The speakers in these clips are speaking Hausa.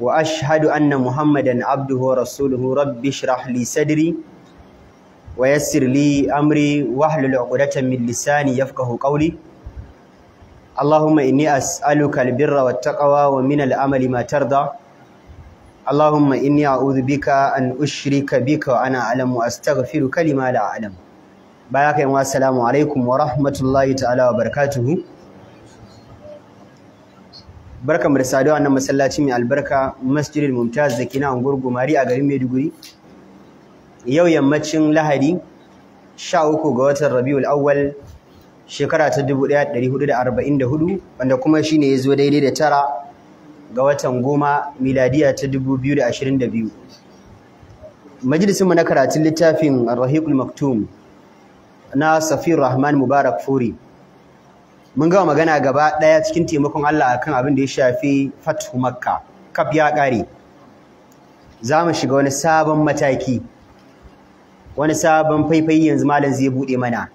وأشهد أن محمدا عبده ورسوله رب اشرح لي صدري ويسر لي أمري واحلل عقدة من لساني يفقه قولي اللهم إني أسألك البر والتقوى ومن الأمل ما ترضى اللهم إني أعوذ بك أن أشرك بك وأنا أعلم وأستغفرك لما لا أعلم بارك الله السلام عليكم ورحمة الله تعالى وبركاته mu da saduwa nan masallaci mai albarka masjidil mumtaz da ke na unguwar gumari a garin maiduguri yau yammacin lahadi sha uku ga watan rabiul awwal shekara ta dubu ɗaya ɗari hudu da arba'in da hudu wanda kuma shine ya zo daidai da tara ga watan goma miladiya ta dubu biyu da ashirin da biyu majalisinmu na karatun littafin rahiqul maktum na safir rahman mubarak furi mun gama magana gaba ɗaya cikin taimakon Allah akan abin da ya shafi fathu makka kaf ya ƙare za mu shiga wani sabon mataki wani sabon faifai yanzu malam zai buɗe mana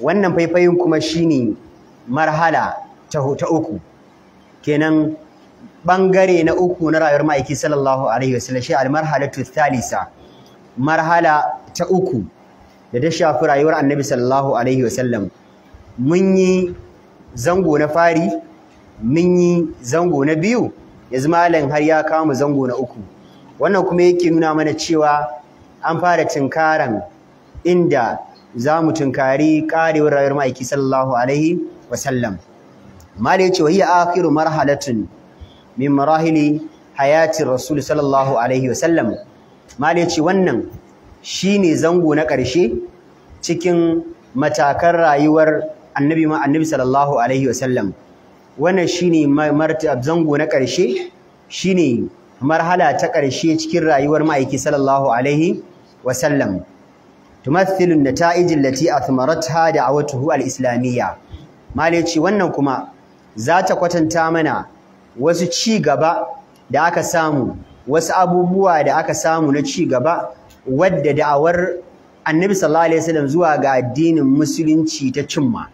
wannan faifayin kuma shine marhala ta uku kenan bangare na uku na rayuwar ma'aiki sallallahu alaihi wasallam shi al-marhalatu thalisa marhala ta uku da ta shafi rayuwar annabi sallallahu alaihi wasallam mun yi zango na fari mun yi zango na biyu yanzu malam har ya kama zango na uku wannan kuma yake nuna mana cewa an fara tunkaran inda za mu tunkari karewar rayuwar ma'aiki sallallahu alaihi wa sallam. mala ya ce wa hiya akhiru marhalatun min marahili hayati rasul sallallahu alaihi wa sallam. mala ya ce wannan shine zango na ƙarshe cikin matakan rayuwar annabi ma annabi sallallahu alaihi wasallam wannan shine martab zango na ƙarshe shine marhala ta ƙarshe cikin rayuwar ma'aiki sallallahu alaihi wasallam tumathilu nata'ij allati athmaratha da'watuhu al-islamiyya malai ce wannan kuma za ta kwatanta mana wasu ci gaba da aka samu wasu abubuwa da aka samu na ci gaba wadda da'awar Annabi sallallahu alaihi wasallam zuwa ga addinin musulunci ta cimma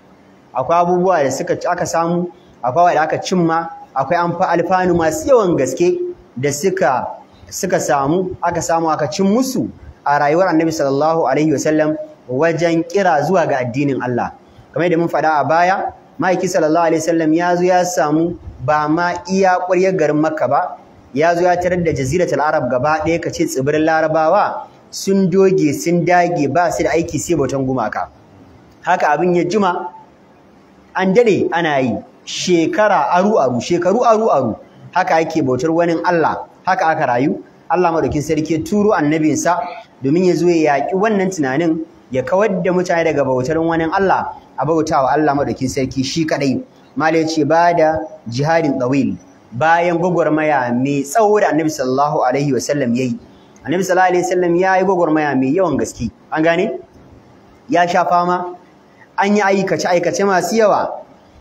akwai abubuwa da suka aka samu akwai wanda aka cimma akwai fa alfanu masu yawan gaske da suka suka samu aka samu aka cin musu a rayuwar Annabi sallallahu alaihi wasallam wajen kira zuwa ga addinin Allah kamar yadda mun faɗa a baya Maiki sallallahu alaihi wasallam ya zo ya samu ba ma iya ƙuryar garin Makka ba ya zo ya tarar da jaziratul Arab gaba ɗaya kace tsibirin Larabawa sun doge sun dage ba su da aiki sai bautan gumaka haka abin ya jima an dade ana yi shekara aru aru shekaru aru aru haka ake bautar wani Allah haka aka rayu Allah madaukin sarki turo annabinsa domin ya zo ya yaki wannan tunanin ya kawar da mutane daga bautar wani Allah a bautawa Allah madaukin sarki shi kadai mala yace bada jihadin dawil bayan gwagwarmaya mai tsawo da annabi sallallahu alaihi wasallam yayi annabi sallallahu alaihi wasallam yayi gwagwarmaya mai yawan gaske an gane ya sha fama an yi aikace aikace masu yawa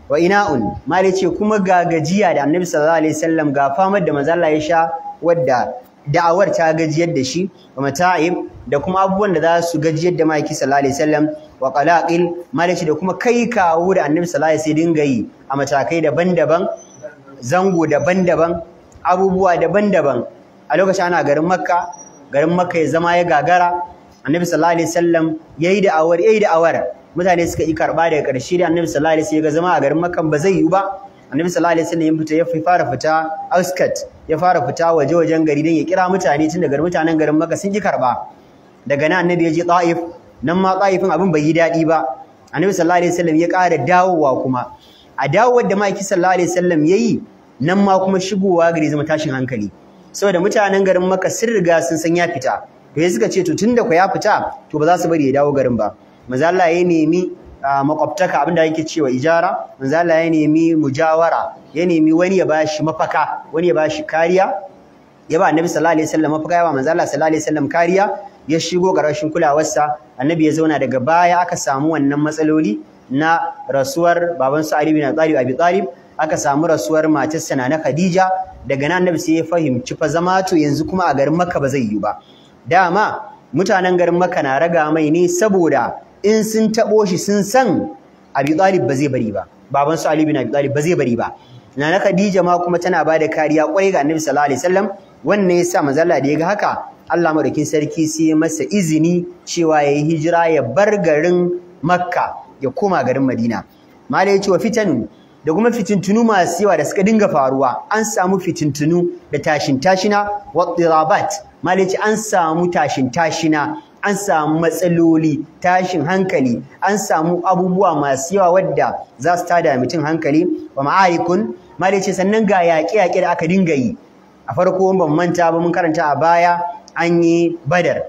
wa ina'un mali ce kuma ga gajiya da annabi sallallahu alaihi wasallam ga famar da manzo Allah ya sha wadda da'awar ta gajiyar da shi wa mata'im da kuma abubuwan da za su gajiyar da maiki sallallahu alaihi wasallam wa qalaqil malaci da kuma kai kawo da annabi sallallahu alaihi wasallam dinga yi a matakai daban-daban zango daban-daban abubuwa daban-daban a lokacin ana garin makka garin makka ya zama ya gagara annabi sallallahu alaihi wasallam yayi da'awar yayi da'awar mutane suka yi karba daga ƙarshe da annabi sallallahu alaihi wasallam ya zama a garin makan ba zai yi ba annabi sallallahu alaihi wasallam ya fita ya fara fita askat ya fara fita waje wajen gari dan ya kira mutane tun daga mutanen garin maka sun yi karba daga nan annabi ya je ta'if nan ma ta'ifin abin bai yi daɗi ba annabi sallallahu alaihi wasallam ya ƙara dawowa kuma a dawowar da ma'aiki sallallahu alaihi wasallam ya yi nan ma kuma shigowa gari zama tashin hankali saboda mutanen garin maka sun riga sun san ya fita to ya suka ce to tunda ku ya fita to ba za su bari ya dawo garin ba manzo Allah ya nemi makwabtaka abinda yake cewa ijara manzo Allah ya nemi mujawara ya nemi wani ya bashi mafaka wani ya bashi kariya ya ba annabi sallallahu alaihi wasallam mafaka ya ba manzo Allah sallallahu alaihi wasallam kariya ya shigo garashin kulawarsa annabi ya zauna daga baya aka samu wannan matsaloli na rasuwar baban su Ali bin Abi Talib aka samu rasuwar matarsa na Khadija daga nan annabi sai ya fahimci fa zama to yanzu kuma a garin Makka ba zai yi ba dama mutanen garin Makka na raga mai ne saboda in sun taɓo shi sun san Abi Talib ba zai bari ba baban su Ali bin Abi Talib ba zai bari ba Nana Khadija ma kuma tana ba da kariya kwarai ga Annabi sallallahu alaihi wasallam wannan yasa mazalla da ya ga haka Allah madaukin sarki sai ya masa izini cewa yayi hijira ya bar garin Makka ya koma garin Madina mala yace wa fitan da kuma fitintunu masu yawa da suka dinga faruwa an samu fitintunu da tashin tashina wa tirabat mala yace an samu tashin tashina an samu matsaloli tashin hankali an samu abubuwa masu yawa wadda za su tada mutum hankali wa ma'aikun, mali ce sannan ga yaƙe-yaƙe da aka dinga yi a farko ban manta ba mun karanta a baya an yi badar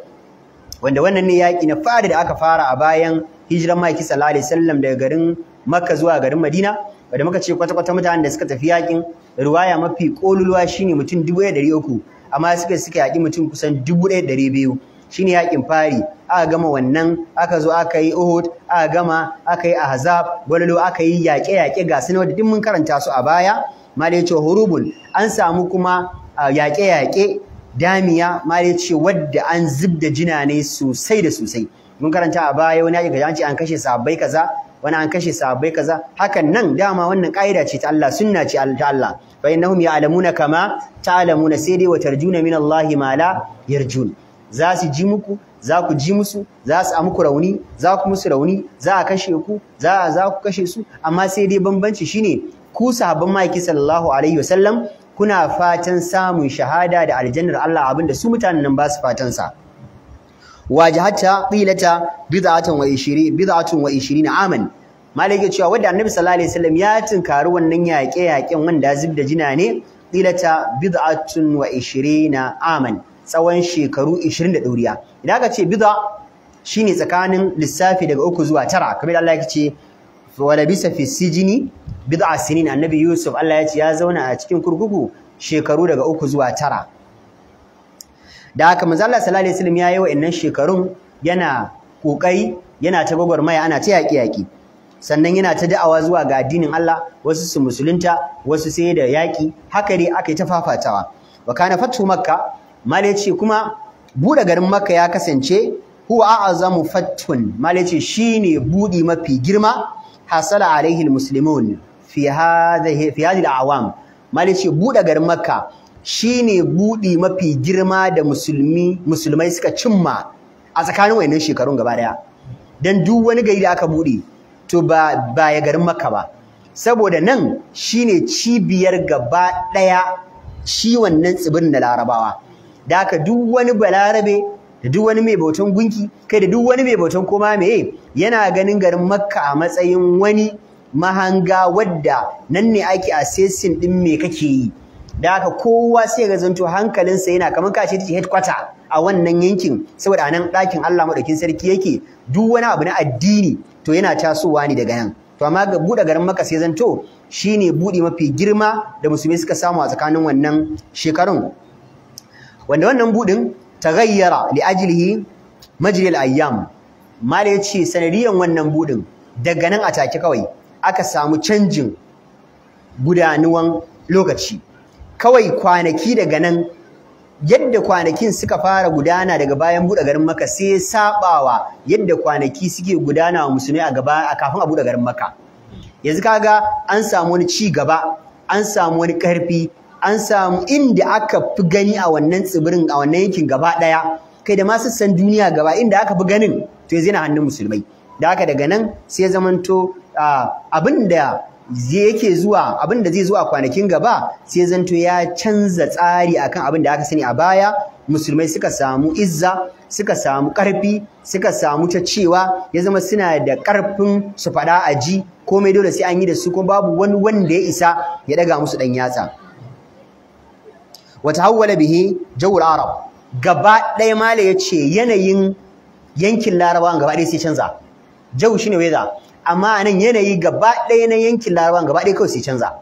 wanda wannan ne yaƙi na fada da aka fara a bayan hijiran maki sallallahu sallam daga garin makka zuwa garin madina wanda muka ce kwata-kwata mutanen da suka tafi yaƙin ruwaya mafi ƙoluluwa shine mutum dubu ɗaya ɗari uku amma suka suka yaƙi mutum kusan dubu ɗaya ɗari biyu shine yakin fari aka gama wannan aka zo aka yi Uhud aka gama aka yi Ahzab gwalalo aka yi yaƙe yaƙe ga sunan da duk mun karanta su a baya mali ce hurubun an samu kuma yaƙe yaƙe damiya mali ce wadda an zubda jinane sosai da sosai mun karanta a baya wani yaƙi kaza an ce an kashe sahabbai kaza wani an kashe sahabbai kaza hakan nan dama wannan ƙa'ida ce ta Allah sunna ce ta Allah fa innahum ya'lamuna kama ta ta'lamuna sai dai wa tarjuna min Allah ma la yarjun za su ji muku za ku ji musu za su muku rauni za ku musu rauni za a kashe ku za a za ku kashe su amma sai dai bambanci shine ku sahabban maki sallallahu alaihi wasallam kuna fatan samun shahada da aljannar Allah abinda su mutanen nan ba su fatan sa wajahata qilata bid'atun wa 20 bid'atun wa 20 aman malai cewa wanda annabi sallallahu alaihi wasallam ya tinkari wannan yaƙe yaƙen wanda zubda jina ne qilata bid'atun wa 20 aman tsawon shekaru 20 da ɗauriya idan aka ce bid'a shine tsakanin lissafi daga uku zuwa tara kamar da Allah ya ce wa labisa fi sijini bid'a sinin annabi Yusuf Allah ya ce ya zauna a cikin kurkuku shekaru daga uku zuwa tara da haka manzo Allah sallallahu ya yi wa'annan shekarun yana kokai yana ta gwagwarmaya ana ta yaƙi yaƙi sannan yana ta da'awa zuwa ga addinin Allah wasu su musulunta wasu sai da yaƙi haka dai aka yi ta fafatawa wa kana fatu makka mala yace kuma buɗe garin makka ya kasance huwa a'azamu fatun mala yace shine buɗi mafi girma hasala alaihi almuslimun fi hadhihi fi hadhihi alawam yace buɗe garin makka shine buɗi mafi girma da musulmi musulmai suka cimma a tsakanin wayannan shekarun gaba daya dan duk wani gari da aka buɗe to ba ba ya garin makka ba saboda nan shine cibiyar gaba daya ciwon nan tsibirin da larabawa da haka duk wani balarabe da duk wani mai bautan gunki kai da duk wani mai bautan koma meye yana ganin garin makka a matsayin wani mahanga wadda nan ne ake assessin din me kake yi da haka kowa sai ga zanto hankalinsa yana kamar ka ce headquarter a wannan yankin saboda anan nan ɗakin Allah maɗaukin sarki yake duk wani abu na addini to yana tasowa ne daga nan to amma ga buɗe garin Makka sai zanto shine buɗe mafi girma da musulmi suka samu a tsakanin wannan shekarun wanda wannan budin taghayyara li ajlihi majri al ayyam mal yace sanadiyan wannan budin daga nan a take kawai aka samu canjin gudanuwan lokaci kawai kwanaki daga nan yadda kwanakin suka fara gudana daga bayan buɗe garin Makka sai sabawa yadda kwanaki suke gudana wa musulmai a gaba a kafin a buɗe garin Makka yanzu kaga an samu wani ci gaba an samu wani karfi an samu inda aka fi gani a wannan tsibirin a wannan yankin gaba ɗaya kai da ma sassan duniya gaba inda aka fi ganin to yanzu yana hannun musulmai da haka daga nan sai zamanto abin da yake zuwa abin da zai zuwa kwanakin gaba sai zanto ya canza tsari akan abin da aka sani a baya musulmai suka samu izza suka samu ƙarfi suka samu ta cewa ya zama suna da ƙarfin su faɗa a ji komai dole sai an yi da su kuma babu wani wanda ya isa ya ɗaga musu ɗan yatsa wata tahawwala bihi jawul arab gaba ɗaya mala ce yanayin yankin larabawan gaba ɗaya sai canza jawu shine weza. amma anan yanayi gaba ɗaya na yankin larabawan gaba ɗaya kawai sai canza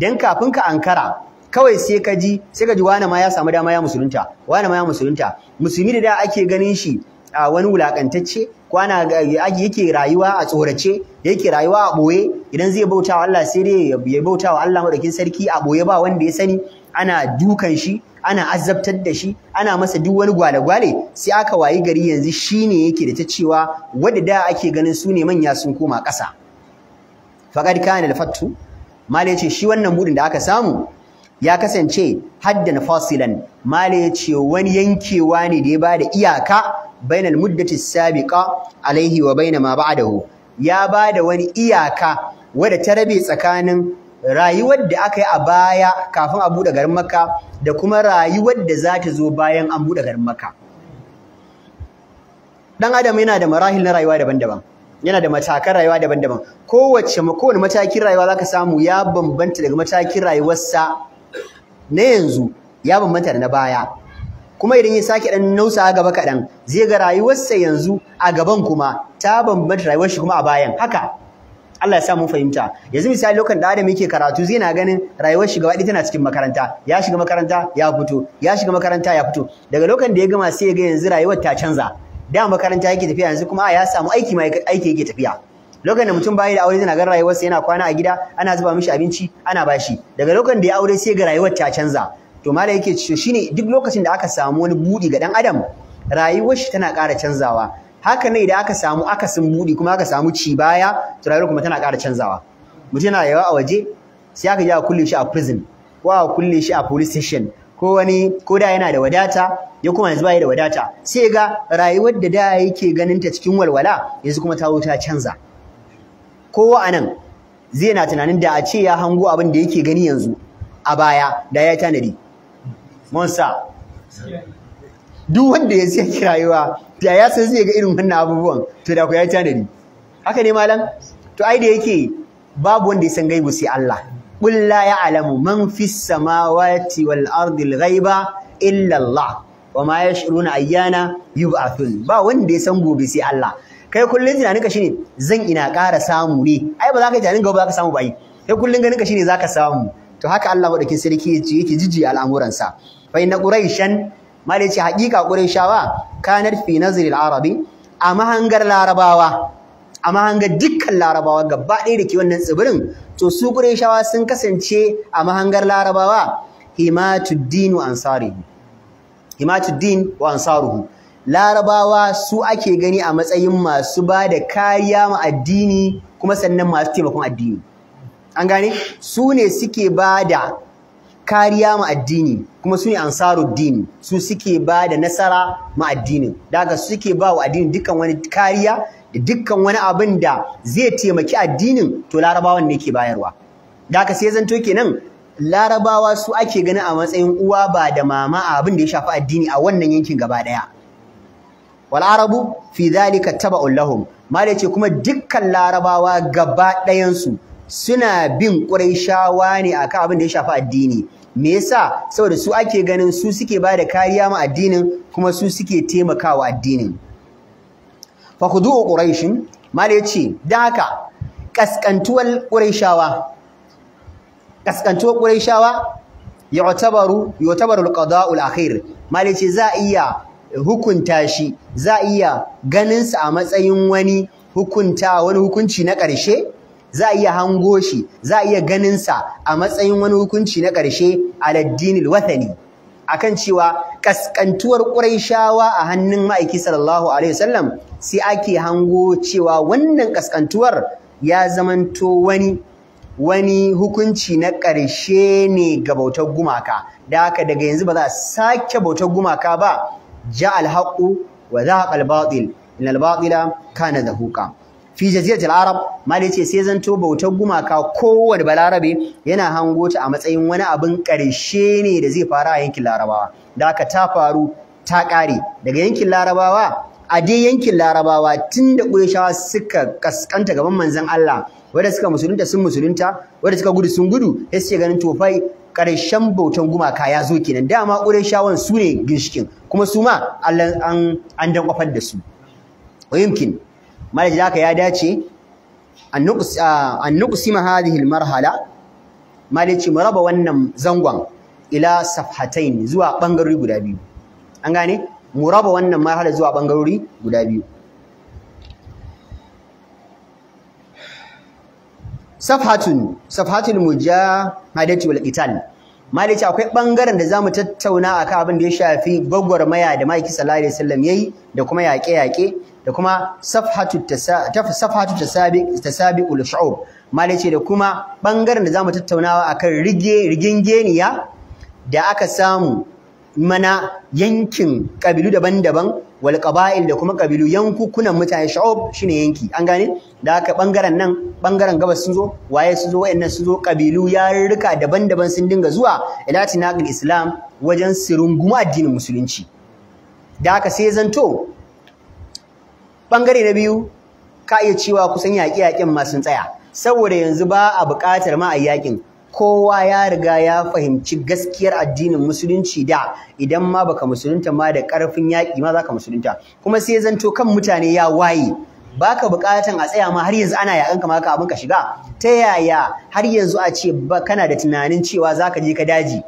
dan kafin ka ankara kawai sai ka ji sai ka ji wani ma ya samu dama ya musulunta wani ma ya musulunta musulmi da da ake ganin shi a wani wulakantacce kwana ana yake rayuwa a tsorace yake rayuwa a boye idan zai bautawa Allah sai dai ya bauta wa Allah madaukin sarki a boye ba wanda ya sani ana dukan shi ana azabtar da shi ana masa duk wani gwale-gwale sai aka wayi gari yanzu shine yake da ta cewa wadda da ake ganin su ne manya sun koma ƙasa faqad kana al-fattu mal yace shi wannan budin da aka samu ya kasance haddan fasilan mala yace wani yankewa ne da ya ba da iyaka bainal muddati sabiqa alaihi wa baina ma ba'dahu ya ba da wani iyaka wanda ta rabe tsakanin rayuwar da aka yi a baya kafin a buɗe garin Makka da kuma rayuwar da za ta zo bayan an buɗe garin Makka Ɗan adam yana da marahil na rayuwa daban-daban yana da matakan rayuwa daban-daban kowace kowane matakin rayuwa zaka samu ya bambanta daga matakin rayuwarsa na yanzu ya bambanta da na baya kuma idan ya sake dan nausa gaba kaɗan zai ga rayuwarsa yanzu a gaban kuma ta bambanta rayuwar shi kuma a bayan haka Allah ya sa mun fahimta yanzu misali lokacin da Adam yake karatu zai na ganin rayuwar shi gaba tana cikin makaranta ya shiga makaranta ya fito ya shiga makaranta ya fito daga lokacin da ya gama sai ya ga yanzu rayuwar ta canza da makaranta yake tafiya yanzu kuma ya samu aiki ma aiki yake tafiya lokacin da mutum bai da aure zai ga rayuwarsa yana kwana a gida ana zuba mishi abinci ana bashi daga lokacin da ya aure sai ga rayuwar ta canza to malai yake shine duk lokacin da aka samu wani budi ga dan adam rayuwar shi tana ƙara canzawa haka ne idan aka samu akasin budi kuma aka samu ci baya to rayuwar kuma tana ƙara canzawa mutum yana yawa a waje sai aka je a kulle shi a prison ko a kulle shi a police station ko wani ko da yana da wadata ya kuma yanzu bai da wadata sai ga rayuwar da da yake ganin ta cikin walwala yanzu kuma ta ta canza kowa anan zai na tunanin da a ce ya hango abin da yake gani yanzu a baya da ya tanadi monsa duk wanda ya sai rayuwa ta ya san zai ga irin wannan abubuwan to da ku ya tanadi haka ne malam to ai da yake babu wanda ya san gaibu sai Allah qul la ya'lamu man fis samawati wal ardi al ghaiba illa Allah ma yash'uruna ayyana yub'athun ba wanda ya san gobe sai Allah kai kullun tunaninka shine zan ina ƙara samu ne ai ba za ka yi tunanin gobe za ka samu ba ai kai kullun ganinka shine za ka samu to haka Allah madaukin sarki yake alamuran al'amuransa fa inna quraishan mala yace haƙiƙa qurayshawa kanar fi nazri al-arabi a mahangar larabawa a mahangar dukkan larabawa gaba ɗaya da ke wannan tsibirin to su qurayshawa sun kasance a mahangar larabawa himatuddin wa ansarihi himatuddin wa ansaruhu larabawa su ake gani a matsayin masu ba da kariya ma addini kuma sannan masu taimakon addini an gane su ne suke ba da kariya ma addini kuma su ne ansaruddin su suke ba da nasara ma addinin daga suke ba wa addinin dukkan wani kariya da dukkan wani abin da zai taimaki addinin to larabawan ne ke bayarwa daga sai zanto kenan larabawa su ake ganin a matsayin uwa ba da mama a abin da ya shafi addini a wannan yankin gaba daya wal arabu fi dhalika taba'un lahum mala ce kuma dukkan larabawa gaba su suna bin ƙurayshawa ne akan abin da ya shafi addini me yasa saboda su ake ganin su suke ba da kariya ma addinin kuma su suke taimakawa addinin fa khudu quraishin mala yace dan haka kaskantuwar quraishawa kaskantuwar quraishawa yu'tabaru yu'tabaru al-qada'u akhir mala yace za iya hukunta shi za iya ganin sa a matsayin wani hukunta wani hukunci na ƙarshe za a iya hango shi za a iya ganin sa a matsayin wani hukunci na ƙarshe a aladdinil wathani akan cewa kaskantuwar shawa a hannun ma'aiki sallallahu alaihi wasallam sai ake hango cewa wannan ƙasƙantuwar ya zamanto wani wani hukunci na ƙarshe ne ga bautar gumaka da haka daga yanzu ba za a sake bautar gumaka ba ja alhaqu wa a albatil innal batila kana da zahuqa fi jaziratul arab mali ce sai zanto bautar gumaka kowane balarabe yana hango ta a matsayin wani abin karshe ne da zai fara a yankin larabawa da aka ta faru ta kare daga yankin larabawa a dai yankin larabawa tun da ƙurishawa suka kaskanta gaban manzon Allah wanda suka musulunta sun musulunta wanda suka gudu sun gudu sai suke ganin tofai karshen bautan gumaka ya zo kenan dama qurayshawan su ne ginshikin kuma su ma an dan kwafar da su yumkin malaji aka ya dace an nuqsima hadhihi almarhala malaji mu raba wannan zangon ila safhatain zuwa bangarori guda biyu an gane mu raba wannan marhala zuwa bangarori guda biyu safhatun safhatul mujahadati wal qital malaji akwai bangaren da zamu tattauna akan abin da ya shafi maya da maiki sallallahu alaihi wasallam yayi da kuma yaƙe-yaƙe da kuma safhatu safhatu tasabiq tasabiqul shu'ub malai da kuma bangaren da zamu tattaunawa akan rige rigingeniya da aka samu mana yankin kabilu daban-daban wal qaba'il da kuma kabilu yankukunan mutane shu'ub shine yanki an gane da aka bangaren nan bangaren gabas sun zo waye sun zo wayannan sun zo kabilu yarurruka daban-daban sun dinga zuwa ilatinaqil islam wajen sirunguma addinin musulunci da aka sai zanto bangare na biyu ka iya cewa kusan yaƙi-yaƙin ma sun tsaya saboda yanzu ba a buƙatar ma a yaƙin kowa ya riga ya fahimci gaskiyar addinin musulunci da idan ma baka musulunta ma da ƙarfin yaƙi ma zaka musulunta kuma sai zanto kan mutane ya waye baka buƙatan a tsaya ma har yanzu ana yaƙan ka maka abin ka shiga ta yaya har yanzu a ce ba kana da tunanin cewa zaka je ka daji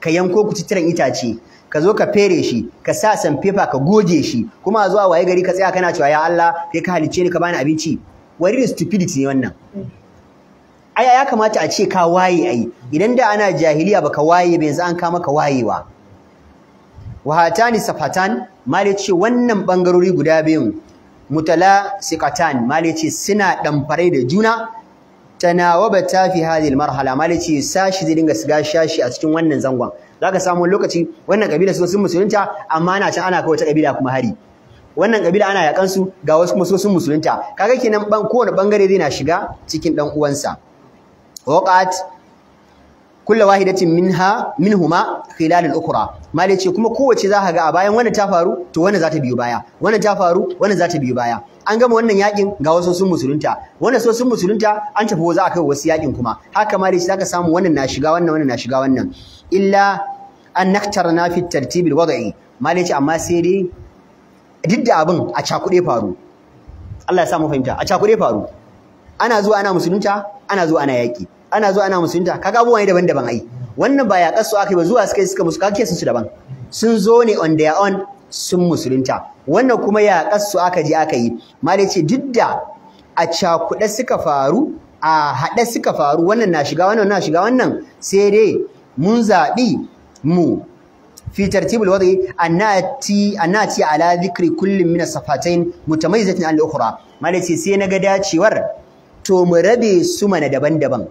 ka yanko kututturen itace ka zo ka fere shi ka sa sanfefa ka goge shi kuma a zuwa waye gari ka tsaya kana cewa ya Allah kai ka halicce ni ka bani abinci wani da stupidity ne wannan ai ya kamata a ce ka waye ai idan da ana jahiliya baka waye ba yanzu an kama ka wayewa wahatani safatan mali ce wannan bangarori guda biyun mutala sikatan mali ce suna damfare da juna Tana wabata fi hadhihi marhala mali ce sashi zai dinga shiga shashi a cikin wannan zangon za ka samu lokaci wannan kabila su sun musulunta amma ana can ana kawai ta kabila kuma hari wannan kabila ana yakan su ga wasu kuma sun musulunta kaga kenan ban kowane bangare zai na shiga cikin dan uwansa waqat kullu wahidatin minha minhuma khilal al-ukhra mali ce kuma kowace za ka ga a bayan wannan ta faru to wannan za ta biyo baya wannan ta faru wannan za ta biyo baya an gama wannan yakin ga wasu sun musulunta wannan so sun musulunta an tafi za a kai wasu yakin kuma haka ma dai zaka samu wannan na shiga wannan wannan na shiga wannan illa an na fi tartibil wada'i mali ce amma sai dai duk da abin a cakuɗe faru Allah ya sa mu fahimta a cakuɗe faru ana zuwa ana musulunta ana zuwa ana yaki ana zuwa ana musulunta kaga abubuwa ne daban-daban ai wannan ba ya su aka yi ba zuwa suka yi suka musu kake sun su daban sun zo ne on their own sun musulunta wannan kuma ya su aka je aka yi mali ce duk da a cakuɗe suka faru a haɗe suka faru wannan na shiga wannan na shiga wannan sai dai mun zaɓi Mu fitar tebul waje a nati Ala zikari kullum min safar ta yin mutumai da tafin sai na ga dacewar to mu rabe su mana daban-daban.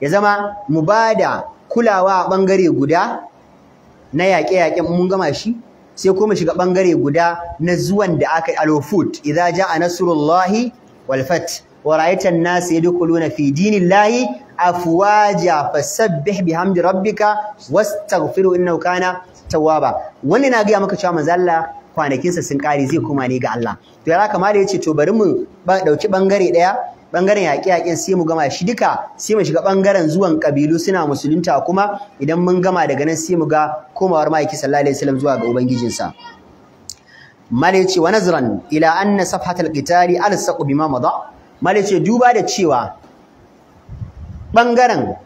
Ya zama mu bada kulawa a bangare guda na yake-yaken mun gama shi. Sai komai shiga bangare guda na zuwan da aka yi. Al-Hufud Ibrahim, idan a ja a Nasiru Lallahi Walfat ɗan yanzu. Wura duk luna afwaja fasabbih bihamdi rabbika wastaghfiru innahu kana tawwaba wannan na ga maka cewa manzo Allah sa sun kare zai kuma ne ga Allah to ya kama da yace to bari mu dauki bangare daya bangaren yaƙe-yaƙen sai mu gama shi duka sai mu shiga bangaren zuwan kabilu suna musulunta kuma idan mun gama daga nan sai mu ga komawar ma'aiki sallallahu alaihi wasallam zuwa ga sa mala ce wa nazran ila anna safhatal qitali alsaqu bima mada mala ce duba da cewa Ɓangaren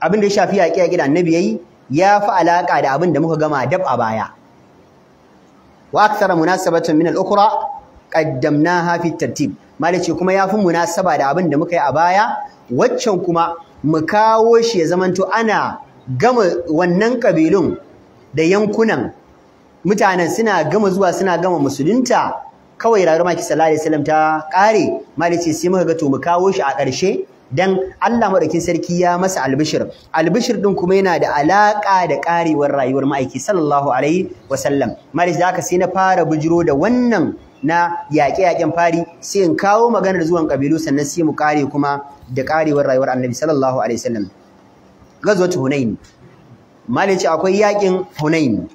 abin da ya shafi yaƙi yaƙi da na yayi ya fi alaƙa da abin da muka gama dab a baya wa akthara munasabatan min al-ukhra qaddamnaha fi tartib ce kuma ya fi munasaba da abin da muka yi a baya waccan kuma mu kawo shi ya zamanto ana gama wannan kabilun da yankunan mutanen suna gama zuwa suna gama musulunta kawai rayuwar maki sallallahu alaihi wasallam ta kare ce sai muka ga to mu kawo shi a ƙarshe dan Allah madaukin sarki ya masa albishir albishir din kuma yana da alaka da karewar rayuwar ma'aiki sallallahu alaihi wasallam maris da aka sai na fara bujiro da wannan na yaƙe-yaƙen fari sai in kawo maganar zuwan kabilu sannan sai mu kare kuma da karewar rayuwar annabi sallallahu alaihi wasallam gazwat hunain malici akwai yaƙin hunain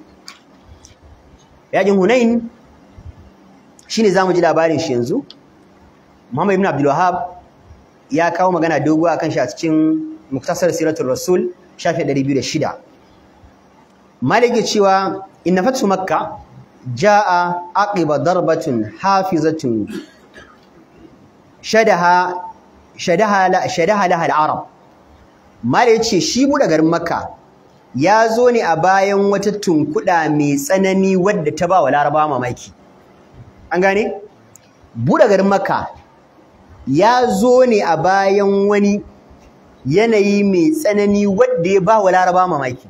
yaƙin hunain shine zamu ji labarin shi yanzu Muhammad ibn Abdul Wahhab ya kawo magana dogo akan shi a cikin muktasar siratul rasul shafi 206 malike cewa inna fatu makka jaa aqiba darbatun hafizatun shadaha shadaha la shadaha laha al-arab ce shi buɗe garin makka ya zo ne a bayan wata tunkuɗa mai tsanani wadda ta ba wa larabawa mamaki an gane buɗe garin makka ya zo ne a bayan wani yanayi mai tsanani wadda ya ba wa laraba mamaki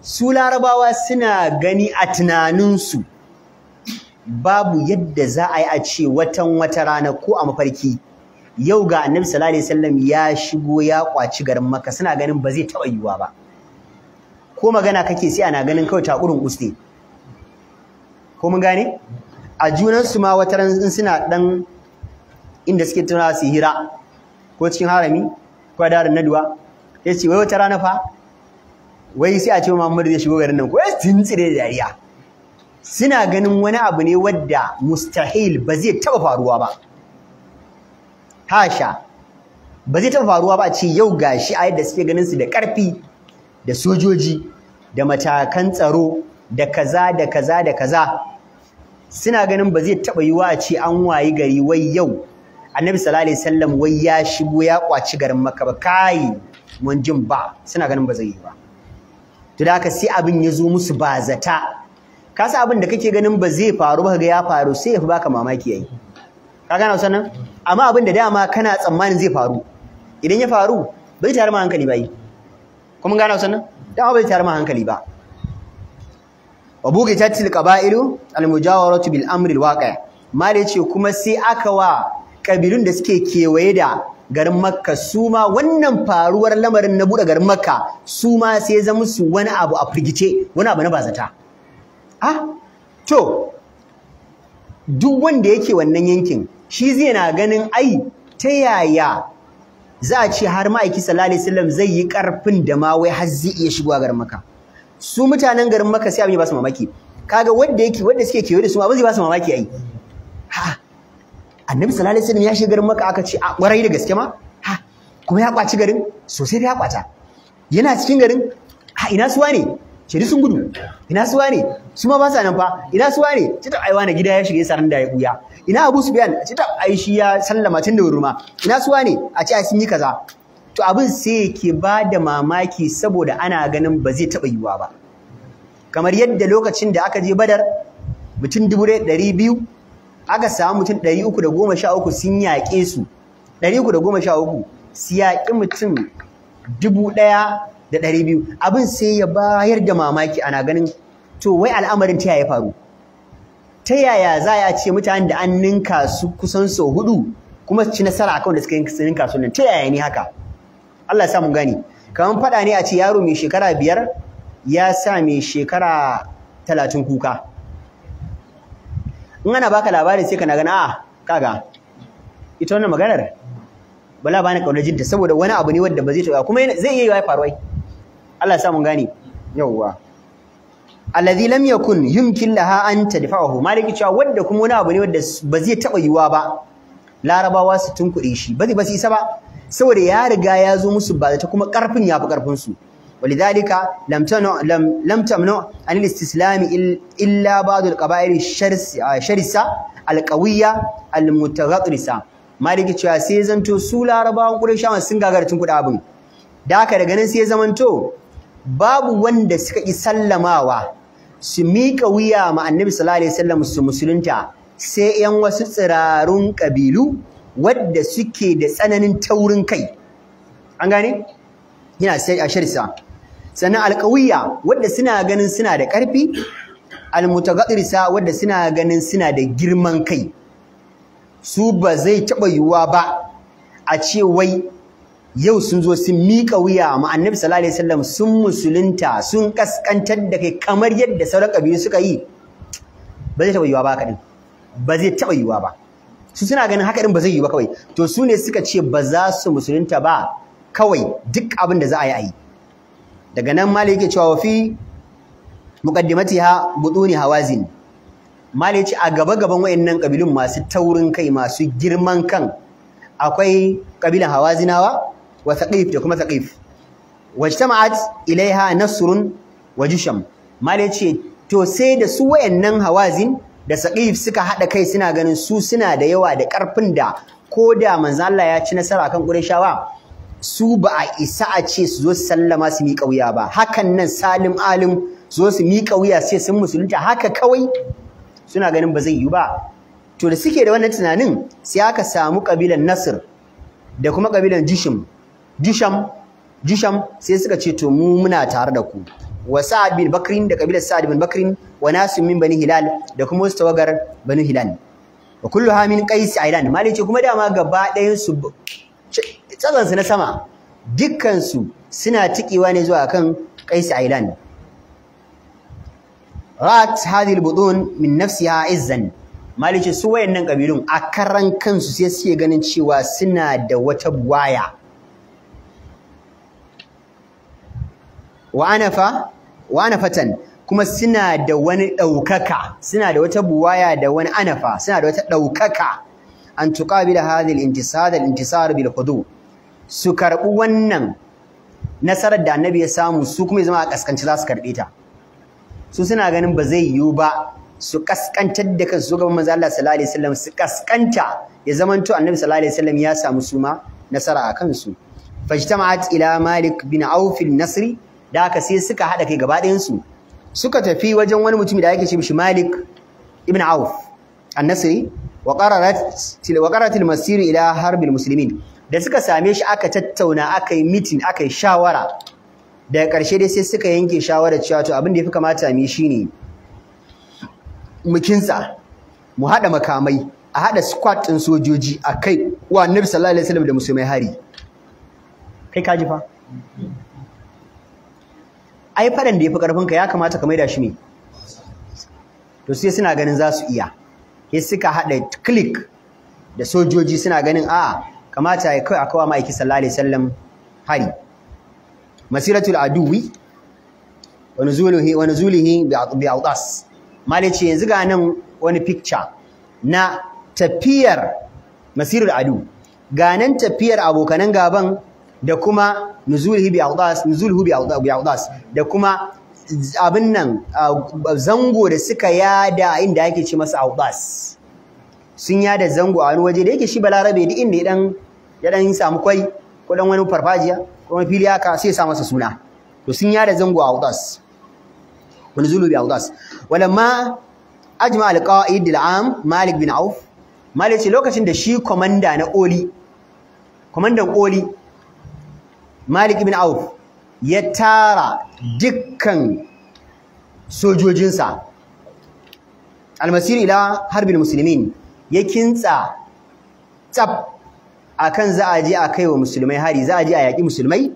su larabawa suna gani a tunaninsu babu yadda za a yi a ce watan wata rana ko a mafarki yau ga annabi sallallahu alaihi ya shigo ya kwaci garin maka suna ganin ba zai taɓa yiwuwa ba ko magana kake sai ana ganin kawai takurin usne ko mun gane a junansu ma wataran suna dan inda suke tuna su hira ko cikin harami ko da naduwa ya ce wai wata rana fa wai sai a ce Muhammadu zai shigo garin nan ko sun tsire da dariya suna ganin wani abu ne wadda mustahil ba zai taba faruwa ba hasha ba zai taba faruwa ba ce yau shi a yadda suke ganin su da karfi da sojoji da matakan tsaro da kaza da kaza da kaza suna ganin ba zai taba yiwa a ce an wayi gari wai yau annabi sallallahu alaihi wasallam wai ya shigo ya kwaci garin makka ba kai mun jin ba suna ganin ba zai yi ba to da haka sai abin ya zo musu ba zata ka sa abin da kake ganin ba zai faru ba ga ya faru sai ya fi baka mamaki yayi ka gane sanan amma abin da dama kana tsammanin zai faru idan ya faru bai tare ma hankali ba yi kuma gane sanan dama bai tare ma hankali ba wa buqitatil qaba'ilu al mujawaratu bil amri al waqi' mal yace kuma sai aka wa ƙabilun da suke kewaye da garin Makka su ma wannan faruwar lamarin na buɗe garin Makka su ma sai zama su wani abu a firgice wani abu na bazata a to duk wanda yake wannan yankin shi zai na ganin ai ta yaya za a ce har ma'aiki sallallahu alaihi wasallam zai yi karfin da ma wai har zai iya shigowa garin Makka su mutanen garin Makka sai abin ya ba su mamaki kaga wanda yake wanda suke kewaye da su ma ba zai ba su mamaki ai ha annabi sallallahu alaihi wasallam ya shiga garin maka aka ce a warai da gaske ma ha kuma ya kwaci garin sosai da ya kwata yana cikin garin ha ina suwa ne ce sun gudu ina suwa ne su ma ba sa nan fa ina suwa ne ce ta aiwa na gida ya shiga saran da ya buya ina Abu biyan ce ta aishi ya sallama tun da wurma ina suwa ne a ce a sun yi kaza to abin sai yake ba da mamaki saboda ana ganin ba zai taɓa yiwuwa ba kamar yadda lokacin da aka je badar mutum dubu ɗari biyu aka samu mutum 313 sun yaƙe su 313 su yaƙi mutum 1,200 abin sai ya bayar da mamaki ana ganin to wai al'amarin ta ya faru ta yaya za a ce mutanen da an ninka su kusan sau hudu kuma su ci nasara akan da suka yi ninka su nan ta yaya ne haka Allah ya sa mu gani kamar faɗa ne a ce yaro mai shekara biyar ya sa mai shekara talatin kuka in ana baka labari sai kana gana a ah, kaga ita wannan maganar bala bani kaunar jinta saboda wani abu ne wanda ba zai taɓa kuma zai iya yiwa faruwa Allah ya sa mun gane yawwa alladhi lam yakun yumkin laha an tadfa'uhu maliki cewa wanda kuma wani abu ne wanda ba zai taɓa yiwa ba larabawa su tunkuɗe shi ba zai ba su isa ba saboda ya riga ya zo musu ba ta kuma ƙarfin ya fi ƙarfinsu ولذلك لم تمنع لم لم تمنع عن الاستسلام الا بعض القبائل الشرسه القويه المتغطرسه maliki cewa sai zanto su larabawan qurayshawa sun gagara cin kuɗa abin da haka daga nan sai zamanto babu wanda suka ki sallamawa su miƙa wuya ma annabi sallallahu alaihi wasallam su musulunta sai yan wasu tsirarun kabilu wadda suke da tsananin taurin kai an gane yana sai a sharisa sannan alƙawiyya wadda suna ganin suna da ƙarfi almutagadirsa wadda suna ganin suna da girman kai su ba zai taɓa yiwuwa ba a ce wai yau sun zo sun miƙa wuya ma annabi sallallahu alaihi wasallam sun musulunta sun kaskantar da kai kamar yadda sauran kabilu suka yi ba zai taɓa yiwuwa ba kadin ba zai taɓa yiwuwa ba su suna ganin haka din ba zai yiwu ba kawai to su ne suka ce ba za su musulunta ba kawai duk abin da za a yi a yi daga nan mali yake cewa fi muqaddimatiha buduni hawazin mali yace a gaba gaban wayannan kabilun masu taurin kai masu girman kan akwai kabilan hawazinawa wa saqif da kuma saqif wajtama'at ilaiha nasrun wa jusham mali yace to sai da su wayannan hawazin da Saƙif suka hada kai suna ganin su suna da yawa da karfin da ko da manzo Allah ya ci nasara kan Qurayshawa su ba a isa a ce su zo su sallama su miƙa wuya ba hakan nan salim alim su zo su miƙa wuya sai sun musulunta haka kawai suna ganin ba zai yi ba to da suke da wannan tunanin sai aka samu kabilan Nasir da kuma kabilan Jishim Jisham Jisham sai suka ce to mu muna tare da ku wa Sa'ad bin Bakrin da kabilar Sa'ad bin Bakrin wa nasu min Bani Hilal da kuma wasu tawagar Bani Hilal wa kullu hamin Qais Ailan mali ce kuma dama gaba ɗayan su tsazansu na sama dukkansu suna tikewa ne zuwa kan Kaisi Island. rat hadhihi albudun min nafsiha izzan malice su wayannan kabilun a karan kansu sai suke ganin cewa suna da wata buwaya wa anafa wa kuma suna da wani ɗaukaka suna da wata buwaya da wani anafa suna da wata ɗaukaka an tuqabila hadhihi al-intisar al bil hudud su karɓi wannan nasarar da annabi ya samu su kuma zama a kaskanci za su karɓe ta su suna ganin ba zai yiwu ba su kaskantar da kansu gaban manzo Allah sallallahu alaihi wasallam su kaskanta ya zamanto annabi sallallahu alaihi wasallam ya samu suma nasara a kansu fajtama'at ila malik bin auf al-nasri da aka sai suka hada kai gaba ɗayan su suka tafi wajen wani mutumi da yake shi malik ibn auf an-nasri wa qararat wa qararat al ila muslimin da suka same shi aka tattauna aka yi meeting aka yi shawara daga ƙarshe dai sai suka yanke shawarar cewa to abin da yafi kamata mu yi shine mu kinsa mu haɗa makamai a haɗa squad ɗin sojoji a kai wa annabi sallallahu alaihi wasallam da musulmai hari kai ka ji fa ai faɗin da yafi ƙarfinka ya kamata ka maida shi ne to sai suna ganin za su iya sai suka haɗa click da sojoji suna ganin a'a kamata ya kai akawa maiki sallallahu alaihi wasallam hari masiratul aduwi wa nuzulihi wa nuzulihi bi autas malice yanzu ga nan wani picture na tafiyar masirul adu ga nan tafiyar abokanan gaban da kuma nuzulihi bi autas nuzuluhu bi autas da kuma abin nan zango da suka yada inda yake ce masa autas sun yada zango a wani waje da yake shi balarabe duk inda ya dan ya dan samu kwai ko dan wani farfajiya ko wani fili haka sai ya sa masa suna to sun yada zango a Audas wani a bi Audas walamma ajma alqaid al'am Malik bin Auf Malik ce lokacin da shi komanda na Oli komandan Oli Malik bin Auf ya tara dukkan sojojinsa almasiri ila harbin musulmin ya kintsa tsab akan za a je a kai wa musulmai hari za a je a yaƙi musulmai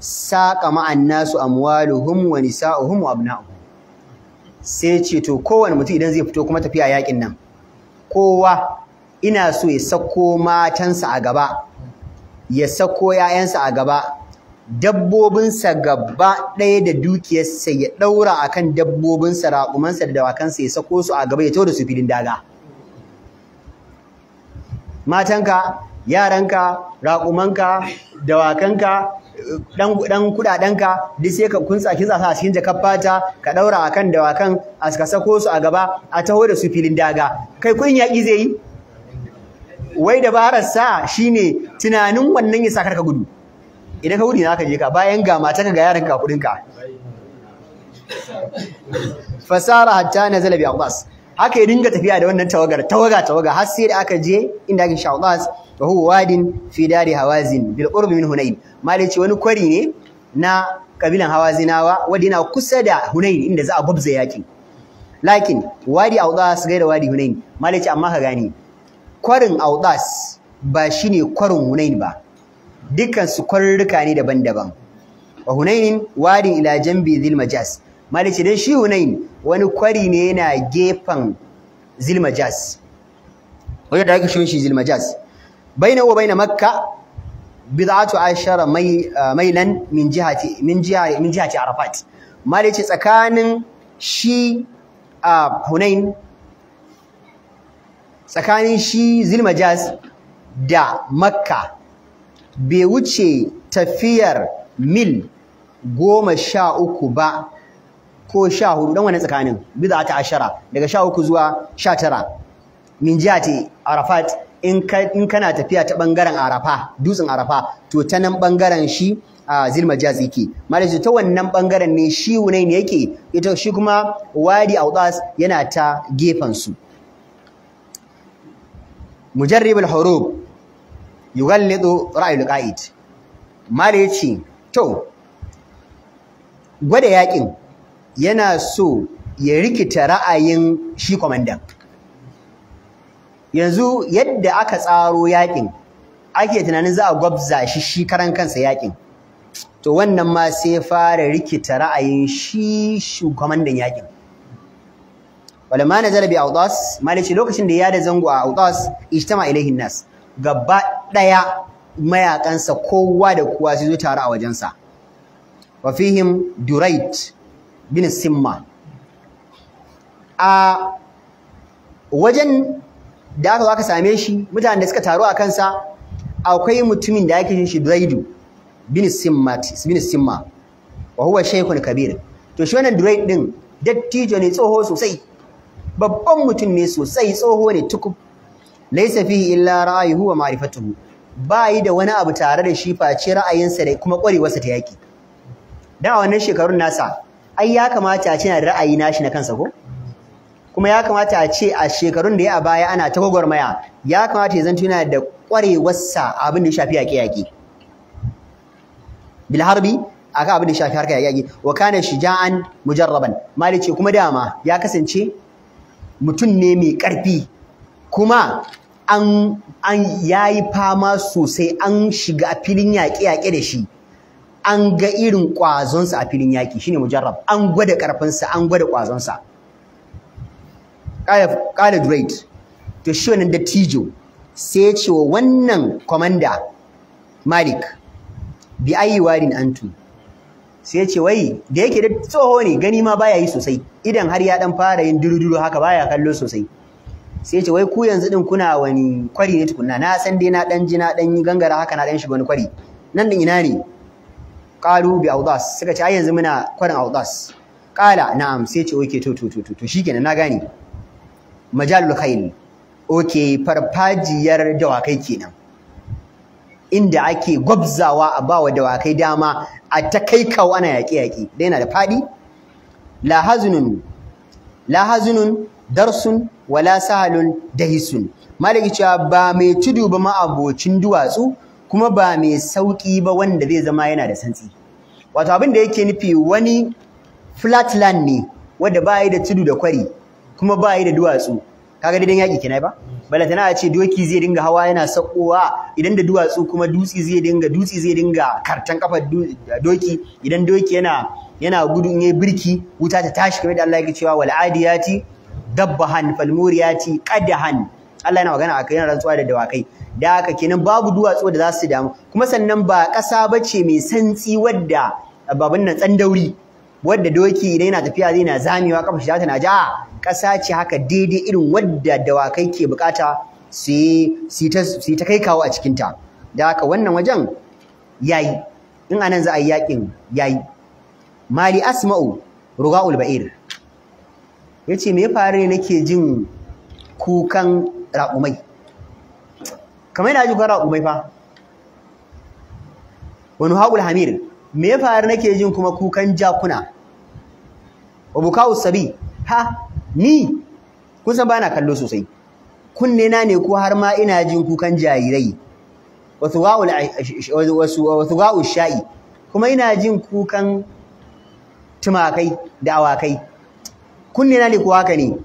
saƙa ma'an nasu amwaluhum wa nisa'uhum wa abna'uhum sai ce to kowane mutum idan zai fito kuma tafiya yaƙin nan kowa ina so ya sako matansa a gaba ya sako 'ya'yansa a gaba dabbobinsa gaba ɗaya da dukiyarsa ya ɗaura a kan dabbobinsa raƙumansa da dawakansa ya sako su a gaba ya tau da su filin daga matanka yaranka raƙumanka dawakanka dan kudadenka duk sai ka saki kitsa a cikin jakar fata ka daura akan dawakan a ka sako su a gaba a taho da su filin daga kai kun yaƙi zai yi wai dabarar sa shine tunanin wannan yasa karka ka gudu idan ka gudu ka je ka bayan ga mata ka ga yaran ka kudin ka fasara hatta nazala bi abbas haka ya dinga tafiya da wannan tawagar tawaga tawaga har sai da aka je inda ake shawdas wa huwa wadin fi dari Hawazin bil qurbi min Hunain mali ce wani kwari ne na kabilan Hawazinawa wadi na kusa da Hunain inda za a gubza yaki lakin wadi Audas gaira wadi Hunain mali ce amma ka gane kwarin Audas ba shine kwarin Hunain ba dukkan su kwarurruka ne daban-daban wa Hunainin wadin ila jambi dhil majas malice dan shi hunain wani kwari ne yana gefen zilmajas wajen da aka shi shi zilmajas baina wa baina makka bid'atu ashara ah, mailan min jihati min jihati min jihati arafat malice tsakanin shi a ah, hunain tsakanin shi zilmajas da makka bai wuce tafiyar mil goma sha uku ba ko sha hudu dan wani tsakanin bid'a ta ashara daga sha uku zuwa sha tara min jihati arafat in kana tafiya ta bangaren arafa dutsen arafa to ta nan bangaren shi a zilma jaz yake malaji ta wannan bangaren ne shi wunai ne yake ita shi kuma wadi autas yana ta gefen su mujarrib al-hurub yughallidu ra'yul qa'id malaji to gwada yakin yana so ya rikita ra'ayin shi kwamandan yanzu yadda aka tsaro yakin ake tunanin za a gwabza shi shi karan kansa yakin to wannan ma sai fara rikita ra'ayin shi yaƙin. yakin walamma nazala bi autas malice lokacin da ya da zango a autas ijtama ilaihin nas gaba daya mayakansa kowa da kowa sai zo tare a wajensa wa fihim durait bin simma a wajen da aka aka same shi mutanen da suka taru a kansa akwai mutumin da yake shi Duraidu bin simma bin Simma wa huwa shaykhun kabir to shi wannan Duraid din dattijo ne tsoho sosai babban mutum ne sosai tsoho ne tukub laysa fihi illa ra'ayuhu wa ma'rifatuhu bayi da wani abu tare da shi face ra'ayinsa da kuma kwarewarsa ta yaki da a wannan shekarun nasa ai ya kamata a ce yana da ra'ayi nashi na kansa ko kuma ya kamata a ce a shekarun da ya a baya ana ta gwagwarmaya ya kamata ya zanto yana da kwarewarsa a abin da ya shafi yaƙi yaƙi bil harbi akan abin da ya shafi harka yaƙi yaƙi wa kana shija'an mujarraban mali ce kuma dama ya kasance mutum ne mai ƙarfi kuma an an yayi fama sosai an shiga filin yaƙe yaƙi da shi an ga irin ƙwazonsa a filin yaƙi shine mujarrab an gwada ƙarfinsa an gwada ƙwazonsa ƙala Dwight to shi wannan dattijo sai ya ce wannan commander Malik bi ayi warin antu sai ya ce wai da yake da tsoho ne gani ma baya yi sosai idan har ya dan fara yin duruduru haka baya kallo sosai sai ya ce wai ku yanzu din kuna wani kwari ne tukunna na san dai na dan ji na dan gangara haka na dan shiga wani kwari nan din ina ne qalu bi awdas suka ce ai yanzu muna kwarin awdas Ƙala na'am sai ce oke to to to to na gane majalul khayl oke farfajiyar dawakai kenan inda ake gwabzawa a bawa dawakai dama a ta kai kawo ana yaƙe yaƙe da yana da faɗi la darsun wala sahalun dahisun malaki cewa ba mai tudu ba ma duwatsu kuma ba mai sauƙi ba wanda zai zama yana da santsi wato abin da yake nufi wani flatland ne wanda ba yi da tudu da kwari kuma ba yi da duwatsu kaga dai dan yaki kenan ba bala tana ce doki zai dinga hawa yana sakowa idan da duwatsu kuma dutsi zai dinga dutsi zai dinga kartan kafar doki idan doki yana yana gudu yayi birki wuta ta tashi kamar da Allah yake cewa wal adiyati dabbahan falmuriyati qadahan Allah yana magana akai yana rantsuwa da dawakai da haka kenan babu duwatsu da za su damu kuma sannan ba ƙasa bace mai santsi wadda babun nan tsandauri wadda doki idan yana tafiya zai na zamewa kafa shi na ja ƙasa ce haka daidai irin wadda dawakai ke bukata su yi ta kai kawo a cikin ta. da haka wannan wajen yayi in anan za a yi yakin yayi mali asma'u ruga'ul ba'ir yace me ya faru ne nake jin kukan raƙumai kamar yana jin raƙumai fa wani haƙul hamir me ya faru nake jin kuma kukan jakuna wa bukawu sabi ha ni kun san bana kallo sosai kunne na ne ko har ma ina jin kukan jarirai Wasu thuga'u sha'i kuma ina jin kukan tumakai da awakai kunne na ne ko haka ne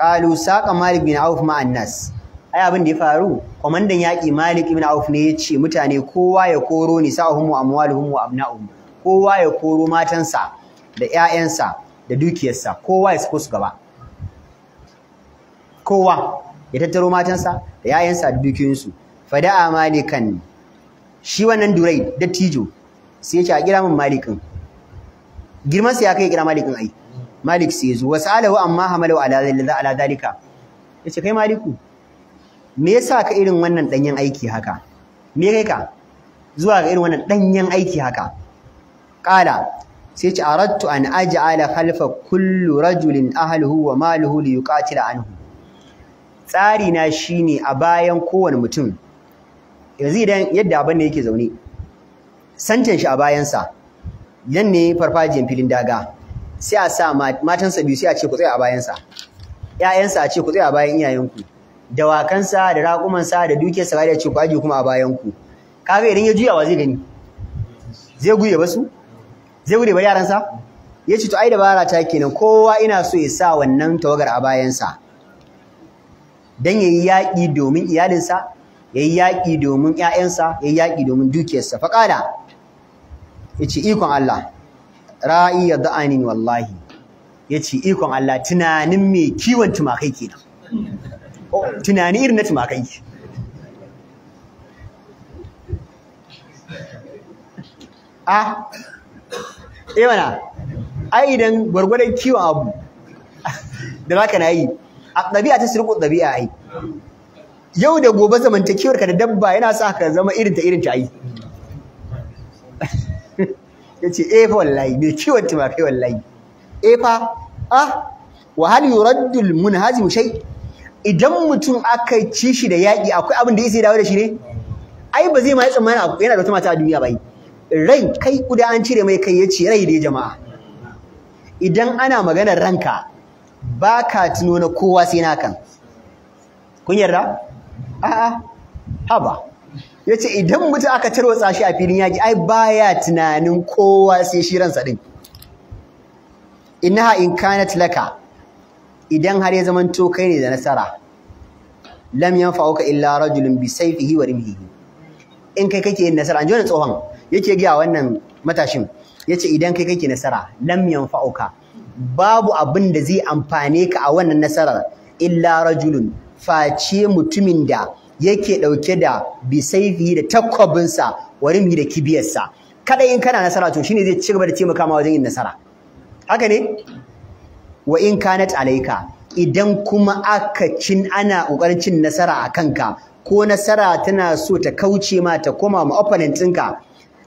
Kalu saka malik bin auf ma'an nas ai abin da ya faru kwamandan yaki malik bin auf ne ya ce mutane kowa ya koro nisa'uhum wa amwaluhum wa abna'uhum kowa ya koro matansa da 'ya'yansa da dukiyarsa kowa ya sako su gaba kowa ya tattaro matansa da 'ya'yansa da Fa fada'a malikan shi wannan durai dattijo sai ya ce a kira min malikin girman sa ya kai kira malikin ai malik sai zo wasalahu amma hamalu ala zalika ala zalika yace kai maliku me yasa ka irin wannan danyen aiki haka me kai ka zuwa ga irin wannan danyen aiki haka qala sai ce aradtu an aj'ala khalfa kullu rajulin ahlihi wa malihi li yuqatila anhu tsari na shine a bayan kowane mutum yanzu idan yadda abin yake zaune santan shi a bayansa yan ne farfajiyan filin daga sai a sa matansa biyu sai a ce ku tsaya a bayansa ƴaƴansa a ce ku tsaya a bayan iyayenku dawakansa da raƙumansa da dukiyarsa ga da ce ku aje kuma a bayanku kaga idan ya juya wa zai gani zai guye ba su zai gure ba yaransa ya ce to ai dabara ta kenan kowa ina so ya sa wannan tawagar a bayansa dan yayi yaƙi domin iyalinsa yayi yaƙi domin ƴaƴansa yayi yaƙi domin dukiyarsa faqala yace ikon Allah ya da'ani wallahi yace ikon Allah tunanin mai kiwon tumakai kenan oh, tunani irin na tumakai a ah, eh mana ai idan gwargwadon kiwon abu da zaka na yi a ɗabi'a ta sirko ɗabi'a ai yau da gobe zamantakewar ka da dabba yana sa ka zama irin ta irin ta ai ya ce eh fa wallahi mai kiwon tumakai wallahi eh fa ah wa hal yuraddul munhazim shay idan mutum aka ci shi da yaƙi akwai abin da yake dawo da shi ne ai ba zai ma yi tsammani yana da wata mata a duniya ba rai kai kuda an cire mai kai ya ce rai dai jama'a idan ana maganar ranka ba ka tuno na kowa sai na kan kun yarda a'a haba ya ce idan mutum aka tarwatsa shi a filin yaƙi ai baya tunanin kowa sai shi ransa ɗin innaha in kanat laka idan har ya to kai ne da nasara lam yanfa'uka illa rajulun bi sayfihi wa rimhihi in kai kake yin nasara an wannan tsohon yake gaya wannan matashin yace idan kai kake nasara lam yanfa'uka babu abin da zai amfane ka a wannan nasarar illa rajulun face mutumin da yake dauke da bisaifi da takwabinsa warimi da kibiyarsa kada in kana nasara to shine zai ci gaba da taimaka ma wajen yin nasara haka ne wa in kanat alayka idan kuma aka cin ana kokarin cin nasara a kanka ko nasara tana so ta kauce ma ta koma ma opponent ɗinka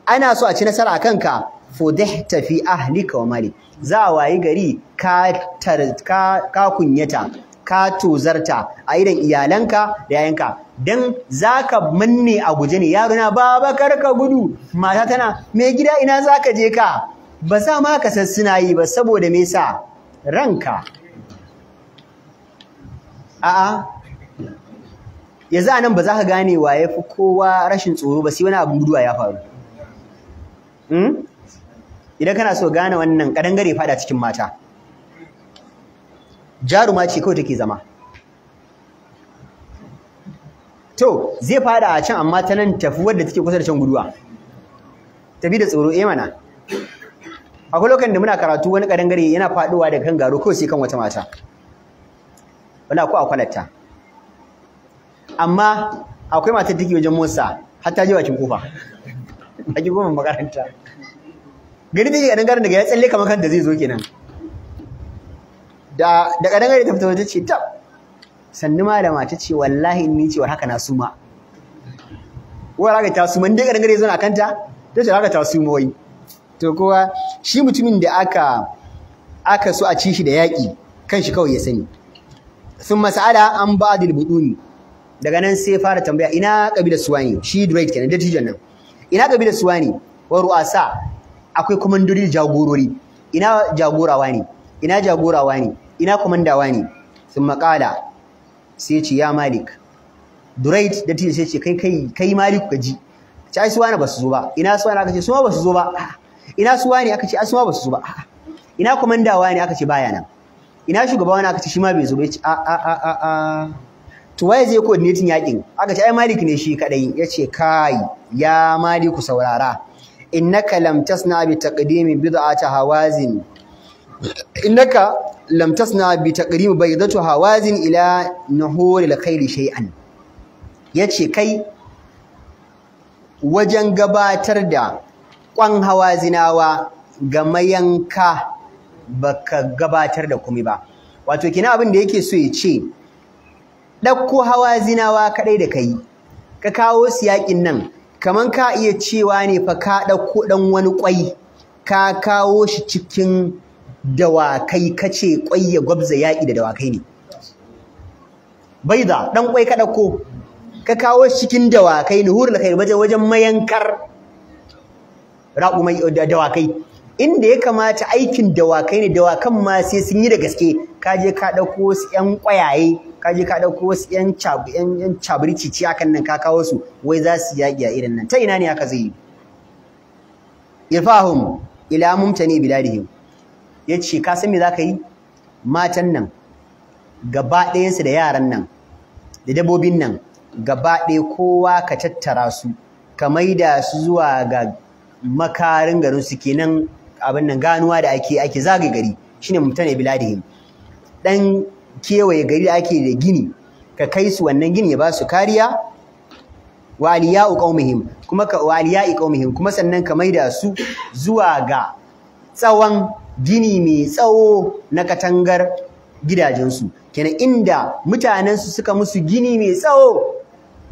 ana so a ci nasara a kanka fudihta fi ahlika wa mali za a wayi gari ka kunyata ka tozarta a idan iyalanka da yayanka dan zaka manne a guje ne yaro na baba karka gudu mata tana me gida ina zaka je ka ba za ma ka sassuna yi ba saboda me yasa ranka a'a yanzu za nan ba za ka gane wa ya kowa rashin tsoro ba sai wani abin guduwa ya faru hmm? idan kana so gane wannan kadangare fada cikin mata jaruma ce kawai take zama to zai fada a can amma ta nan tafi wadda take kusa da can guduwa tafi da tsoro eh mana akwai lokacin da muna karatu wani kadangare yana faduwa daga kan garo kawai sai kan wata mata wala ko akwalata. amma akwai matar take wajen Musa har ta je bakin kofa a kofar makaranta gari take kadangaren daga ya tsalle kamar kan da zai zo kenan da da kadangare ta fito ta ce ta, sannu malama ta ce wallahi ni ce haka na suma wai haka ta suma dai kadangare zo na kanta ta ce haka ta suma wai to kowa shi mutumin da aka aka so a ci shi da yaƙi kan shi kawai ya sani sun masala an ba da buduni daga nan sai fara tambaya ina kabilar suwani shi direct kenan dattijan nan ina kabilar suwani wa ru'asa akwai komandori jagorori ina jagorawa ne ina jagorawa ne ina komandawa ne sun makala sai ce ya malik durait da tilis sai ce kai kai kai malik ka ji ce ai suwa na ba su zo ba ina suwa na aka ce suwa ba su zo ba ina suwa ne aka ce ai suwa ba su zo ba ina komandawa ne aka ce baya nan ina shugaba wani aka ce shi ma bai zo ba ya ce a a a a a to waye zai coordinating yakin aka ce ai malik ne shi kadai ya ce kai ya maliku saurara innaka lam tasna bi taqdimi bid'ata hawazin innaka lam tasna bi taqrim baydatu hawazin ila nuhuri alkhairi shay'an yace kai wajen gabatar da kwan hawazinawa ga mayanka baka gabatar da kumi ba wato kina abin da yake so ya ce ɗauko hawazinawa kaɗai da kai ka kawo siyaƙin nan kaman ka iya cewa ne fa ka ɗauko ɗan wani ƙwai ka kawo shi cikin dawakai kace kwai ya gwabza yaƙi da dawakai ne baiza ɗan kwai ka dauko ka kawo cikin dawakai nuhurul khair wajen wajen mayankar mai dawakai inda ya kamata aikin dawakai ne dawakan ma sai sun yi da gaske ka je ka ɗauko wasu 'yan kwayaye. ka je ka ɗauko wasu 'yan ƴan ci akan nan ka kawo su wai za su yaƙi a irin nan ta ina ne haka zai yi irfahum ila mumtani biladihim ya ce ka san me za ka yi matan nan gaba ɗayansu da yaran nan da dabbobin nan gaba ɗaya kowa ka tattara su ka maida su zuwa ga makarin garin su kenan abin nan ganuwa da ake ake zagaye gari shine da biladihim dan kewaye gari da ake da gini ka kai su wannan gini ya ba su kariya wa aliya'u qaumihim kuma ka wa qaumihim kuma sannan ka maida su zuwa ga tsawon gini mai tsawo na katangar gidajensu kenan inda mutanensu suka musu gini mai tsawo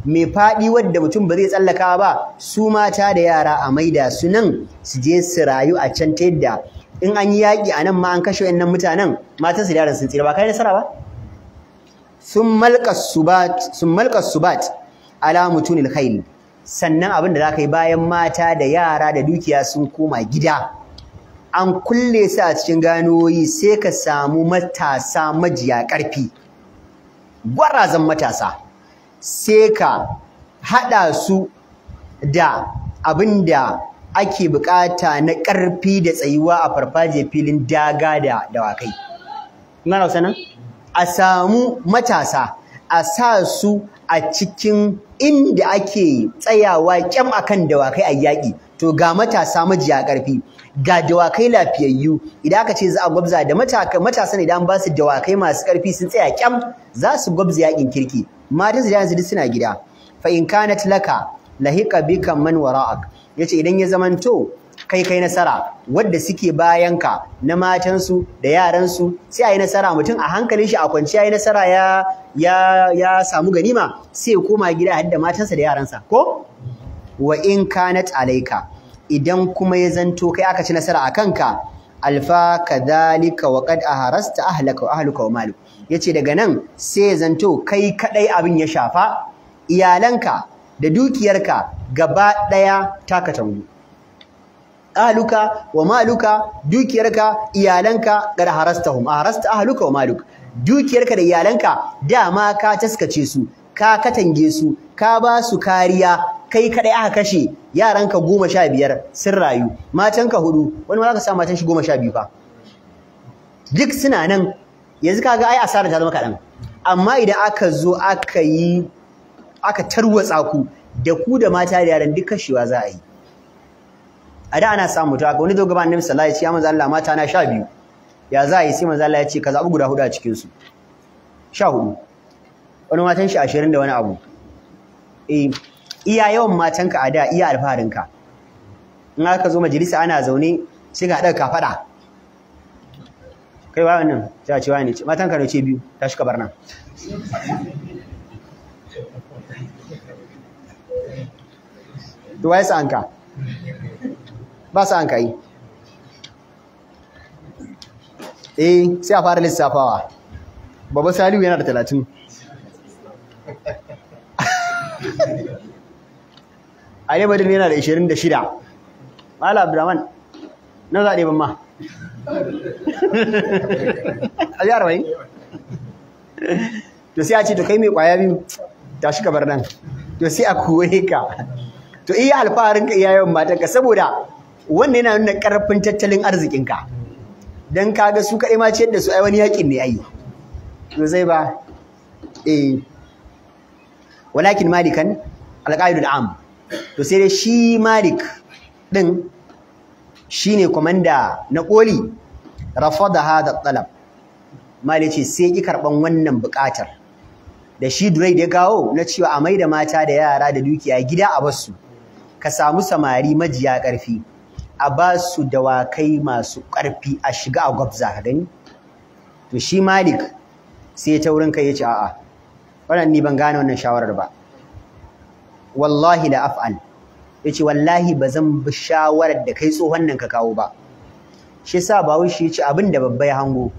mai faɗi wadda mutum ba zai tsallaka ba su mata da yara a maida su nan su je su rayu a can ta yadda in an yi yaƙi a nan ma an kashe wayannan mutanen matan su yaran sun tsira ba kai nasara ba sun malka subat subat ala mutunil khail sannan abin da za ka yi bayan mata da yara da dukiya sun koma gida an kulle su a cikin ganoyi sai ka samu matasa majiya ƙarfi gwarazan matasa sai ka haɗa su da abin da ake buƙata na ƙarfi da tsayuwa a farfajiyar filin daga da dawakai. Na A samu matasa, a sa su a cikin inda ake tsayawa ƙyam akan dawakai a yaƙi. To ga matasa majiya ƙarfi. ga dawakai lafiyayyu idan aka ce za a gwabza da matasan idan ba su dawakai masu ƙarfi sun tsaya kyam za su gwabza yakin kirki su da yanzu suna gida fa in kanat laka lahiqa bika man wara'ak yace idan ya zamanto kai kai nasara wadda suke bayan ka na matansu da yaransu sai ayi nasara mutum a hankalin shi a kwance yayi nasara ya ya ya samu ganima sai ya koma gida hadda matansa da yaransa ko wa in kanat alaika idan kuma ya zanto kai aka ci nasara a kanka alfa kadhalika wa aharasta ahlaka wa ahluka wa maluk yace daga nan sai ya zanto kai kadai abin ya shafa iyalanka da dukiyarka gaba daya taka tangu ahluka wa maluka dukiyarka iyalanka qad harastahum aharasta ahluka wa maluk dukiyarka da iyalanka dama ka taskace su ka katange su ka ba su kariya kai kadai aka kashe yaranka goma sha biyar sun rayu matanka hudu wani ma za ka sa matan shi goma sha biyu fa duk suna nan yanzu kaga ai asara ta zama kaɗan amma idan aka zo aka yi aka tarwatsa ku da ku da mata da yaran duk kashewa za a yi a da ana samu ta haka wani zo gaban annabi sallallahu alaihi wasallam ya manzo Allah mata na sha biyu ya za a yi sai manzo Allah ya ce ka zabi guda hudu a cikin su sha hudu wani matan shi ashirin da wani abu eh iya yawan matanka a da iya ka. in aka zo majalisa ana zaune sai ga haɗa ka faɗa kai ba wannan ta ce wani ce matanka ne ce biyu ta shi kabar nan duwai sa anka ba sa anka yi eh sai a fara lissafawa Babu saliu yana da talatin Ali Badr yana da 26 Mala Abdurrahman na zaɗe ban ma a ji bai to sai a ce to kai mai ƙwaya biyu tashi ka bar nan to sai a koye ka to iya alfaharin ka iya yawan ka saboda wannan yana nuna ƙarfin tattalin arzikinka don kaga su kaɗai ma ciyar da su ai wani yaƙin ne ai to zai ba eh walakin malikan alƙa'idul am to sai dai shi malik din shine komanda na koli rafada hada talab malik ce sai ki karban wannan bukatar da shi durai da gawo na cewa a maida mata da yara da dukiya gida a basu ka samu samari majiya karfi a basu dawakai masu karfi a shiga a gwabza ka gani to shi malik sai ta wurin kai ya ce a'a wannan ni ban gane wannan shawarar ba wallahi la af'al yace wallahi bazan bi shawarar da kai tsohon nan ka kawo ba shi yasa wai shi yace abin da babba ya hango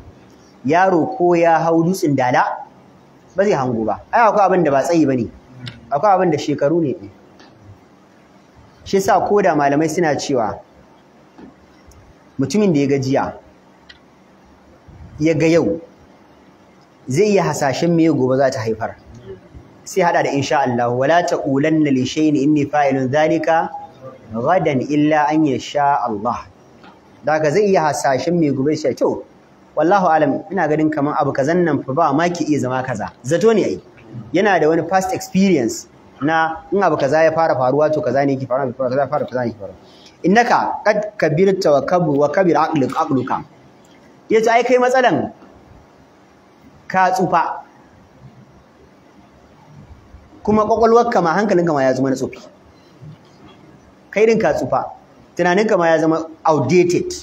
yaro ko ya hau dutsen dala ba zai hango ba ai akwai abin da ba tsayi bane akwai abin da shekaru ne shi yasa koda malamai suna cewa mutumin da ya ga jiya ya ga yau zai iya hasashen me gobe za ta haifar sai hada da insha Allah wala taqulanna li shay'in inni fa'ilun zalika gadan illa an yasha Allah daga zai iya hasashen mai gube shi to wallahu alam ina ganin kaman abu kazan nan fa ba ma ki iya zama kaza zato ne ai yana da wani past experience na in abu kaza ya fara faruwa to kaza ne yake faruwa kaza fara kaza ne yake faruwa innaka qad kabirta wa kabu wa kabir aqluka aqluka yace ai kai matsalan ka tsufa kuma kwakwalwarka ma hankalinka ma ya zama na tsofi kai din ka tsufa tunaninka ma ya zama outdated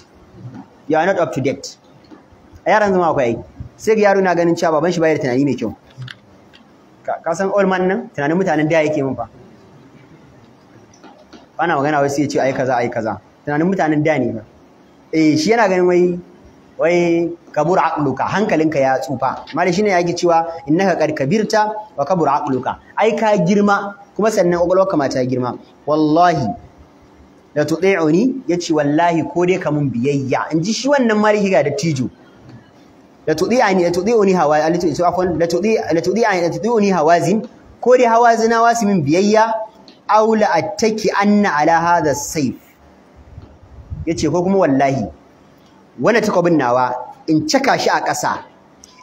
you are not up to date a yaran zama akwai sai ga yaro na ganin cewa baban shi bayar tunani mai kyau ka san old man nan tunanin mutanen da yake min fa Ana magana wai sai ya ce ai kaza ai kaza tunanin mutanen da ne ba eh shi yana ganin wai wai kabur aqluka hankalinka ya tsufa mali shine yake cewa innaka qad kabirta wa kabur aqluka ai ka girma kuma sannan kwakwalwarka ma ta girma wallahi la tuti'uni yace wallahi ko dai ka mun biyayya in ji shi wannan mali ga da tijo la tuti'ani la tuti'uni hawa la tuti'u afwan la tuti'u la tuti'ani la tuti'uni hawazin ko dai hawazina wasu min biyayya aula attaki anna ala hadha sayf yace ko kuma wallahi wannan takobin nawa in caka shi a ƙasa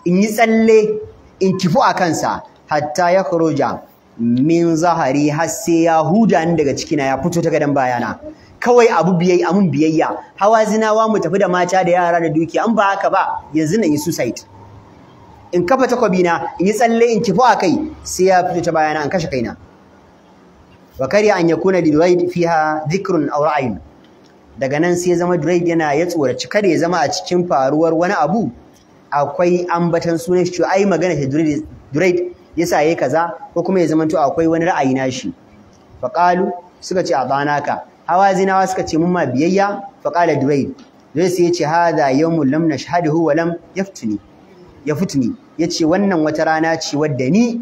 in yi tsalle in kifu a kansa hatta ya kuroja min zahari har sai ya huda ni daga cikina ya fito ta gadon bayana kawai abu biyayya amun biyayya hawa zinawa mu tafi da mata da yara da dukiya an ba haka ba yanzu na yi suicide in kafa takobi na in yi tsalle in kifo a kai sai ya fito ta bayana an kashe kaina wa kariya an yakuna lil fiha dhikrun aw ra'yun daga nan sai zama Drake yana ya tsoraci kada ya zama a cikin faruwar wani abu akwai ambatan sunan shi ai magana ta Drake yasa yayi kaza ko kuma ya zama akwai wani ra'ayi nashi faqalu suka ce abanaka hawazinawa suka ce mun ma biyayya faqala Drake Drake sai ya ce hada yawmu lam nashhadu wa lam yaftini ya fitini yace wannan wata rana ce wadda ni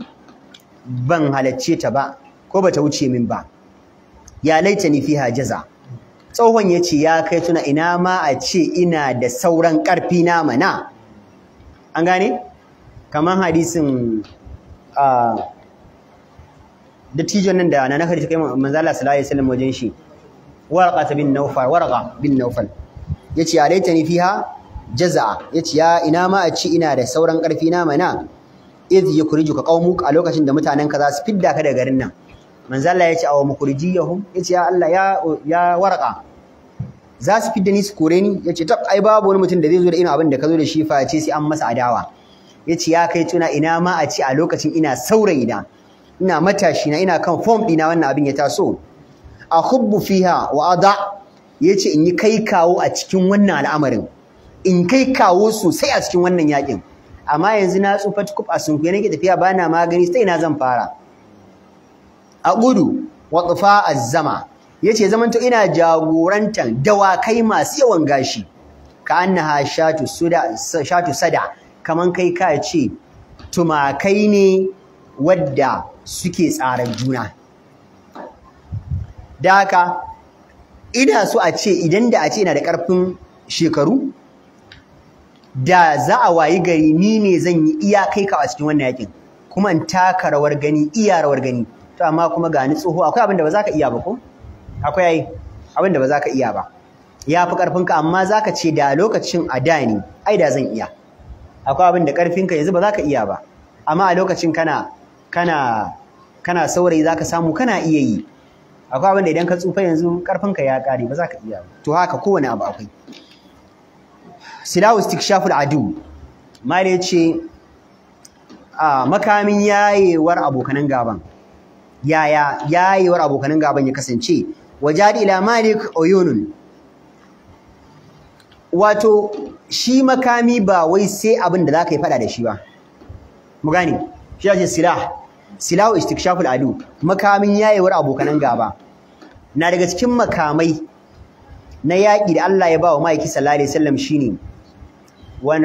ban halacce ta ba ko bata wuce min ba ya ni fiha jaza' tsohon ya ce ya kai tuna ina ma a ce ina da sauran ƙarfi na mana an gane kamar hadisin tijon nan da na naka ta kai manzala salaye salim wajen shi warqa bin nawfal warqa bin nawfal yace alaitani fiha jaza'a ce ya ina ma a ci ina da sauran karfi na mana idh yukhrijuka qaumuk a lokacin da mutanen ka za su fidda ka daga garin nan manzo Allah ya ce aw mukhrijiyahum yace ya Allah ya ya warqa za su fidda ni su kore ni yace tab ai babu wani mutum da zai zo da irin abin da ka zo da shi fa ce sai an masa adawa yace ya kai tuna ina ma a ci a lokacin ina saurayi na ina matashi na ina kan form dina wannan abin ya taso A hubbu fiha wa ada yace in yi kai kawo a cikin wannan al'amarin in kai kawo sosai a cikin wannan yakin amma yanzu na tsufa tukuf a na ke tafiya bana magani sai ina zan fara A a wa ya ce yace zamanto ina jagorantar dawakai masu yawan gashi ka annaha shatu shatu sada kamar kai ka ce tumakai ne wadda suke tsarar juna da haka ina so a ce idan da a ce ina da ƙarfin shekaru da za a wayi gari ni ne zan yi iyakai ka a cikin wannan yakin kuma in taka rawar gani iya rawar gani to amma kuma ga ni tsoho akwai abin da ba za ka iya ba ko akwai abin da ba za ka iya ba ya fi ƙarfinka amma za ka ce da lokacin a da ni ai da zan iya akwai abin da ƙarfinka yanzu ba za ka iya ba amma a lokacin kana kana kana saurayi za ka samu kana iya yi akwai abin da idan ka tsufa yanzu ƙarfinka ya ƙare ba za ka iya ba to haka kowane abu akwai silawu istikshaful adu mare ce a ah, makamin yayewar abokanan gaban yaya yayewar abokanin gaban ya kasance wajadi ila malik oyunun wato shi makami ba wai sai abin da zaka yi fada da shi ba mu gane shi yace silah silahu istikshaful adu makamin yayewar abokanan gaba na daga cikin makamai na yaƙi da Allah ya ba wa Maiki sallallahu alaihi wasallam shine wa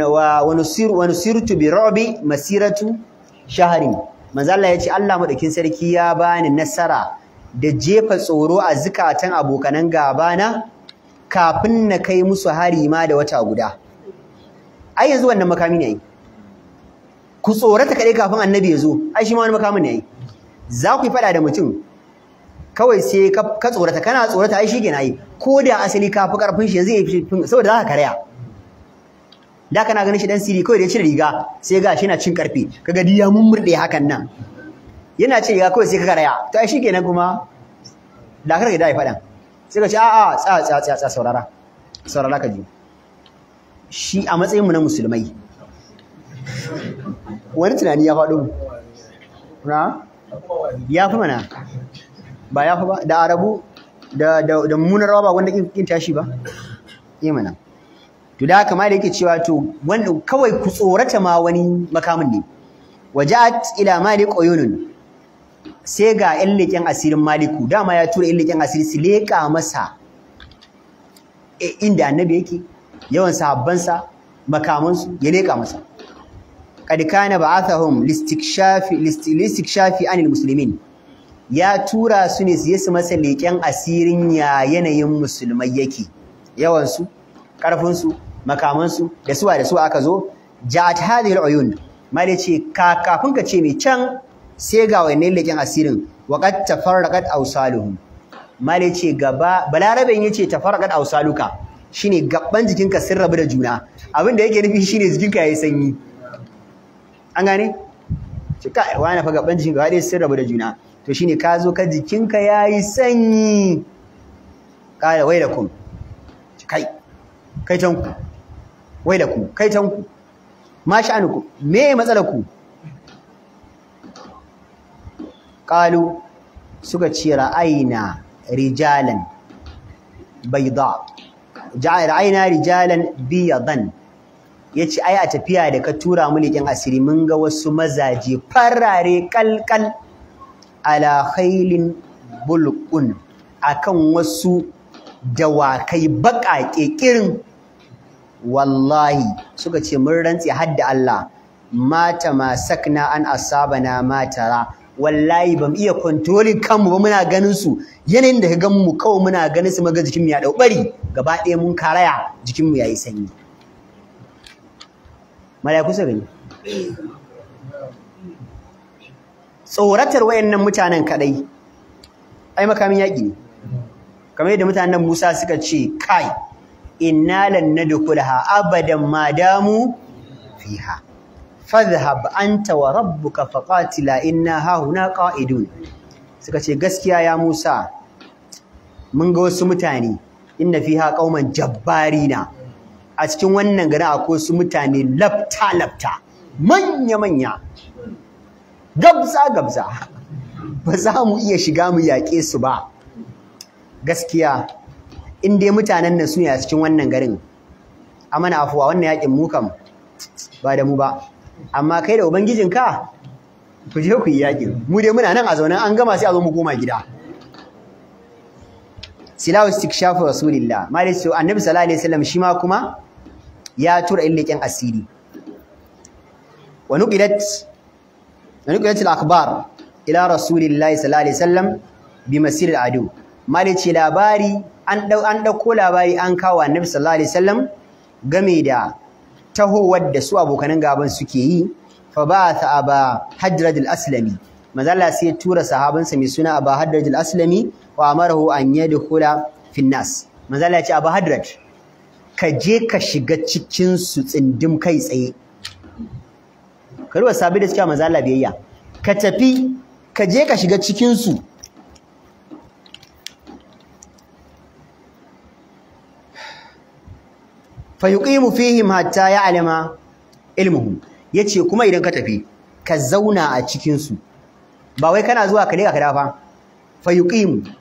wa nusirtu bi ru'bi masiratu shahrin manzo ya ce Allah madaukin sarki ya bani nasara da jefa tsoro a zukatan abokanan gabana kafin na kai musu hari ma da wata guda ai yanzu wannan makami ne ku tsorata kadai kafin annabi ya zo ai shi ma wani makamin ne za ku yi fada da mutum kawai sai ka tsorata kana tsorata ai shi ke na yi ko da asali ka fi karfin shi zai yi saboda za ka karya da kana ganin shi dan siri kawai da ya cire riga sai ga shi yana cin karfi kaga di mun murde hakan nan yana ce riga kawai sai ka karaya to ai shikenan kuma da karka da ai fadan sai ka ce a'a tsa tsa tsa tsa saurara saurara ka ji shi a matsayin mu na musulmai wani tunani ya faɗo mu na ya fi mana ba ya fi ba da arabu da da, da ba wanda kin tashi ba yi mana to da haka malai yake cewa to wannan kawai ku tsorata ma wani makamin ne waja'at ila malik uyunun sai ga yan leƙen asirin maliku dama ya tura yan leƙen asiri su leƙa masa E, inda annabi yake yawan sahabbansa makamansu ya leƙa masa qad kana ba'athahum listikshafi listikshafi anil muslimin ya tura su ne su yi su masa leƙen asirin ya yanayin musulmai yake yawansu ƙarfinsu makamansu da suwa da suwa aka zo ja'at hadhihi al'uyun mali ce ka kafin ka ce mai can sai ga wannan leƙen asirin wa qad tafarraqat awsaluhum mali ce gaba balaraben yace tafarraqat awsaluka shine gaban jikinka sun rabu da juna abin da yake nufi shine jikinka yayi sanyi an gane ce ka wani fa gaban jikinka dai sun rabu da juna to shine ka zo ka jikinka yayi sanyi wai da wailakum kai kai tanku wai da ku kai tanku ma ku me matsalar ku qalu suka ci ra'ayna rijalan bayda ja'a ra'ayna rijalan biyadan yace ai a tafiya da ka tura mu likin asiri mun ga wasu mazaje farare kalkal ala khailin bulqun akan wasu dawakai baƙaƙe kirin wallahi suka ce mun rantse har da Allah mata masakna an asabana matara wallahi bamu iya controlling kanmu ba muna ganin su yanayin da ka gan mu kawai muna ganin su maga jikinmu ya dau bari gaba ɗaya mun karaya jikinmu yayi sanyi malaiku su tsoratar wayannan mutanen kadai ai makamin yaƙi ne kamar yadda mutanen Musa suka ce kai inna lan nadkhulaha abadan ma damu fiha fadhhab anta wa rabbuka faqatila inna hahuna qa'idun suka ce gaskiya ya Musa mun ga wasu mutane inna fiha qauman jabbarina a cikin wannan gari akwai wasu mutane lafta lafta manya manya gabza gabza ba za mu iya shiga mu yaƙe su ba gaskiya in dai mutanen nan su ne a cikin wannan garin a mana afuwa wannan yakin mu kam ba da mu ba amma kai da ubangijinka ku je ku yi yakin mu dai muna nan a zaune an gama sai a zo mu koma gida silawu istikshafu rasulillah malai so annabi sallallahu alaihi wasallam shi ma kuma ya tura illakin asiri wa nuqilat wa nuqilat al-akhbar ila rasulillahi sallallahu alaihi wasallam bi masir al-adu malai ce labari an dau an dauko labari an kawo annabi sallallahu alaihi wasallam game da tahowar da su abokan gaban suke yi fa ta aba hajraj al-aslami manzala sai ya tura sa mai suna aba hajraj al-aslami wa amarahu an yadkhula fi nas manzala ya ce aba hadrad ka je ka shiga cikin su tsindim kai tsaye kalwa sabida cewa suka manzala biyayya ka tafi ka je ka shiga cikin su fa fihim hatta ya'lama ilmuhum yace kuma idan ka tafi ka zauna a cikin su ba wai kana zuwa ka leka ka dafa fa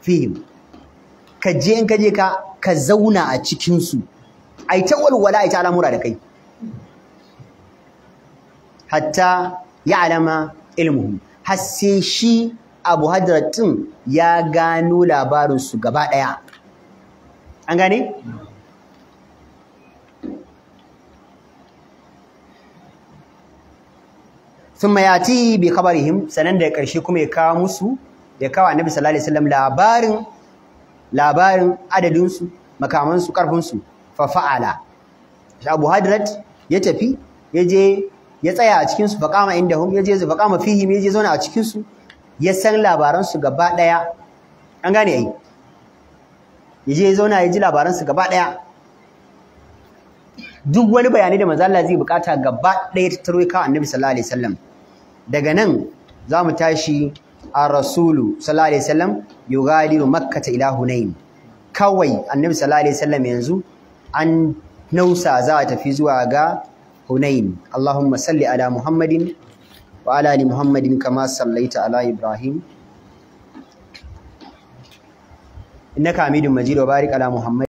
fihim ka je in ka je ka ka zauna a cikin su ai ta walwala ai ta al'amura da kai hatta ya'lama ilmuhum har sai shi Abu hadratin ya gano labarin su gaba daya an gane ya yati bi kabarihim sanan da karshe kuma ya kawo musu ya kawo annabi sallallahu alaihi wasallam labarin labarin adadin su makaman su karfin su fa fa'ala Abu Hadrat ya tafi ya je ya tsaya a cikin su faqama indahum ya je faqama fihi ya je zauna a cikin su ya san labaran su gaba daya an gane ai ya je ya zauna ya ji labaran su gaba daya duk wani bayani da manzo Allah zai bukata gaba daya ta ya kawo Annabi sallallahu alaihi wasallam daga nan za mu tashi a rasulu sallallahu salam wasallam yugadiru makkata ila hunain kawai annabi sallallahu alaihi wasallam yanzu an nausa za a tafi zuwa ga hunain allahumma salli ala muhammadin wa ala ali muhammadin kama sallaita ala ibrahim inna kamidun majid wa barik ala muhammad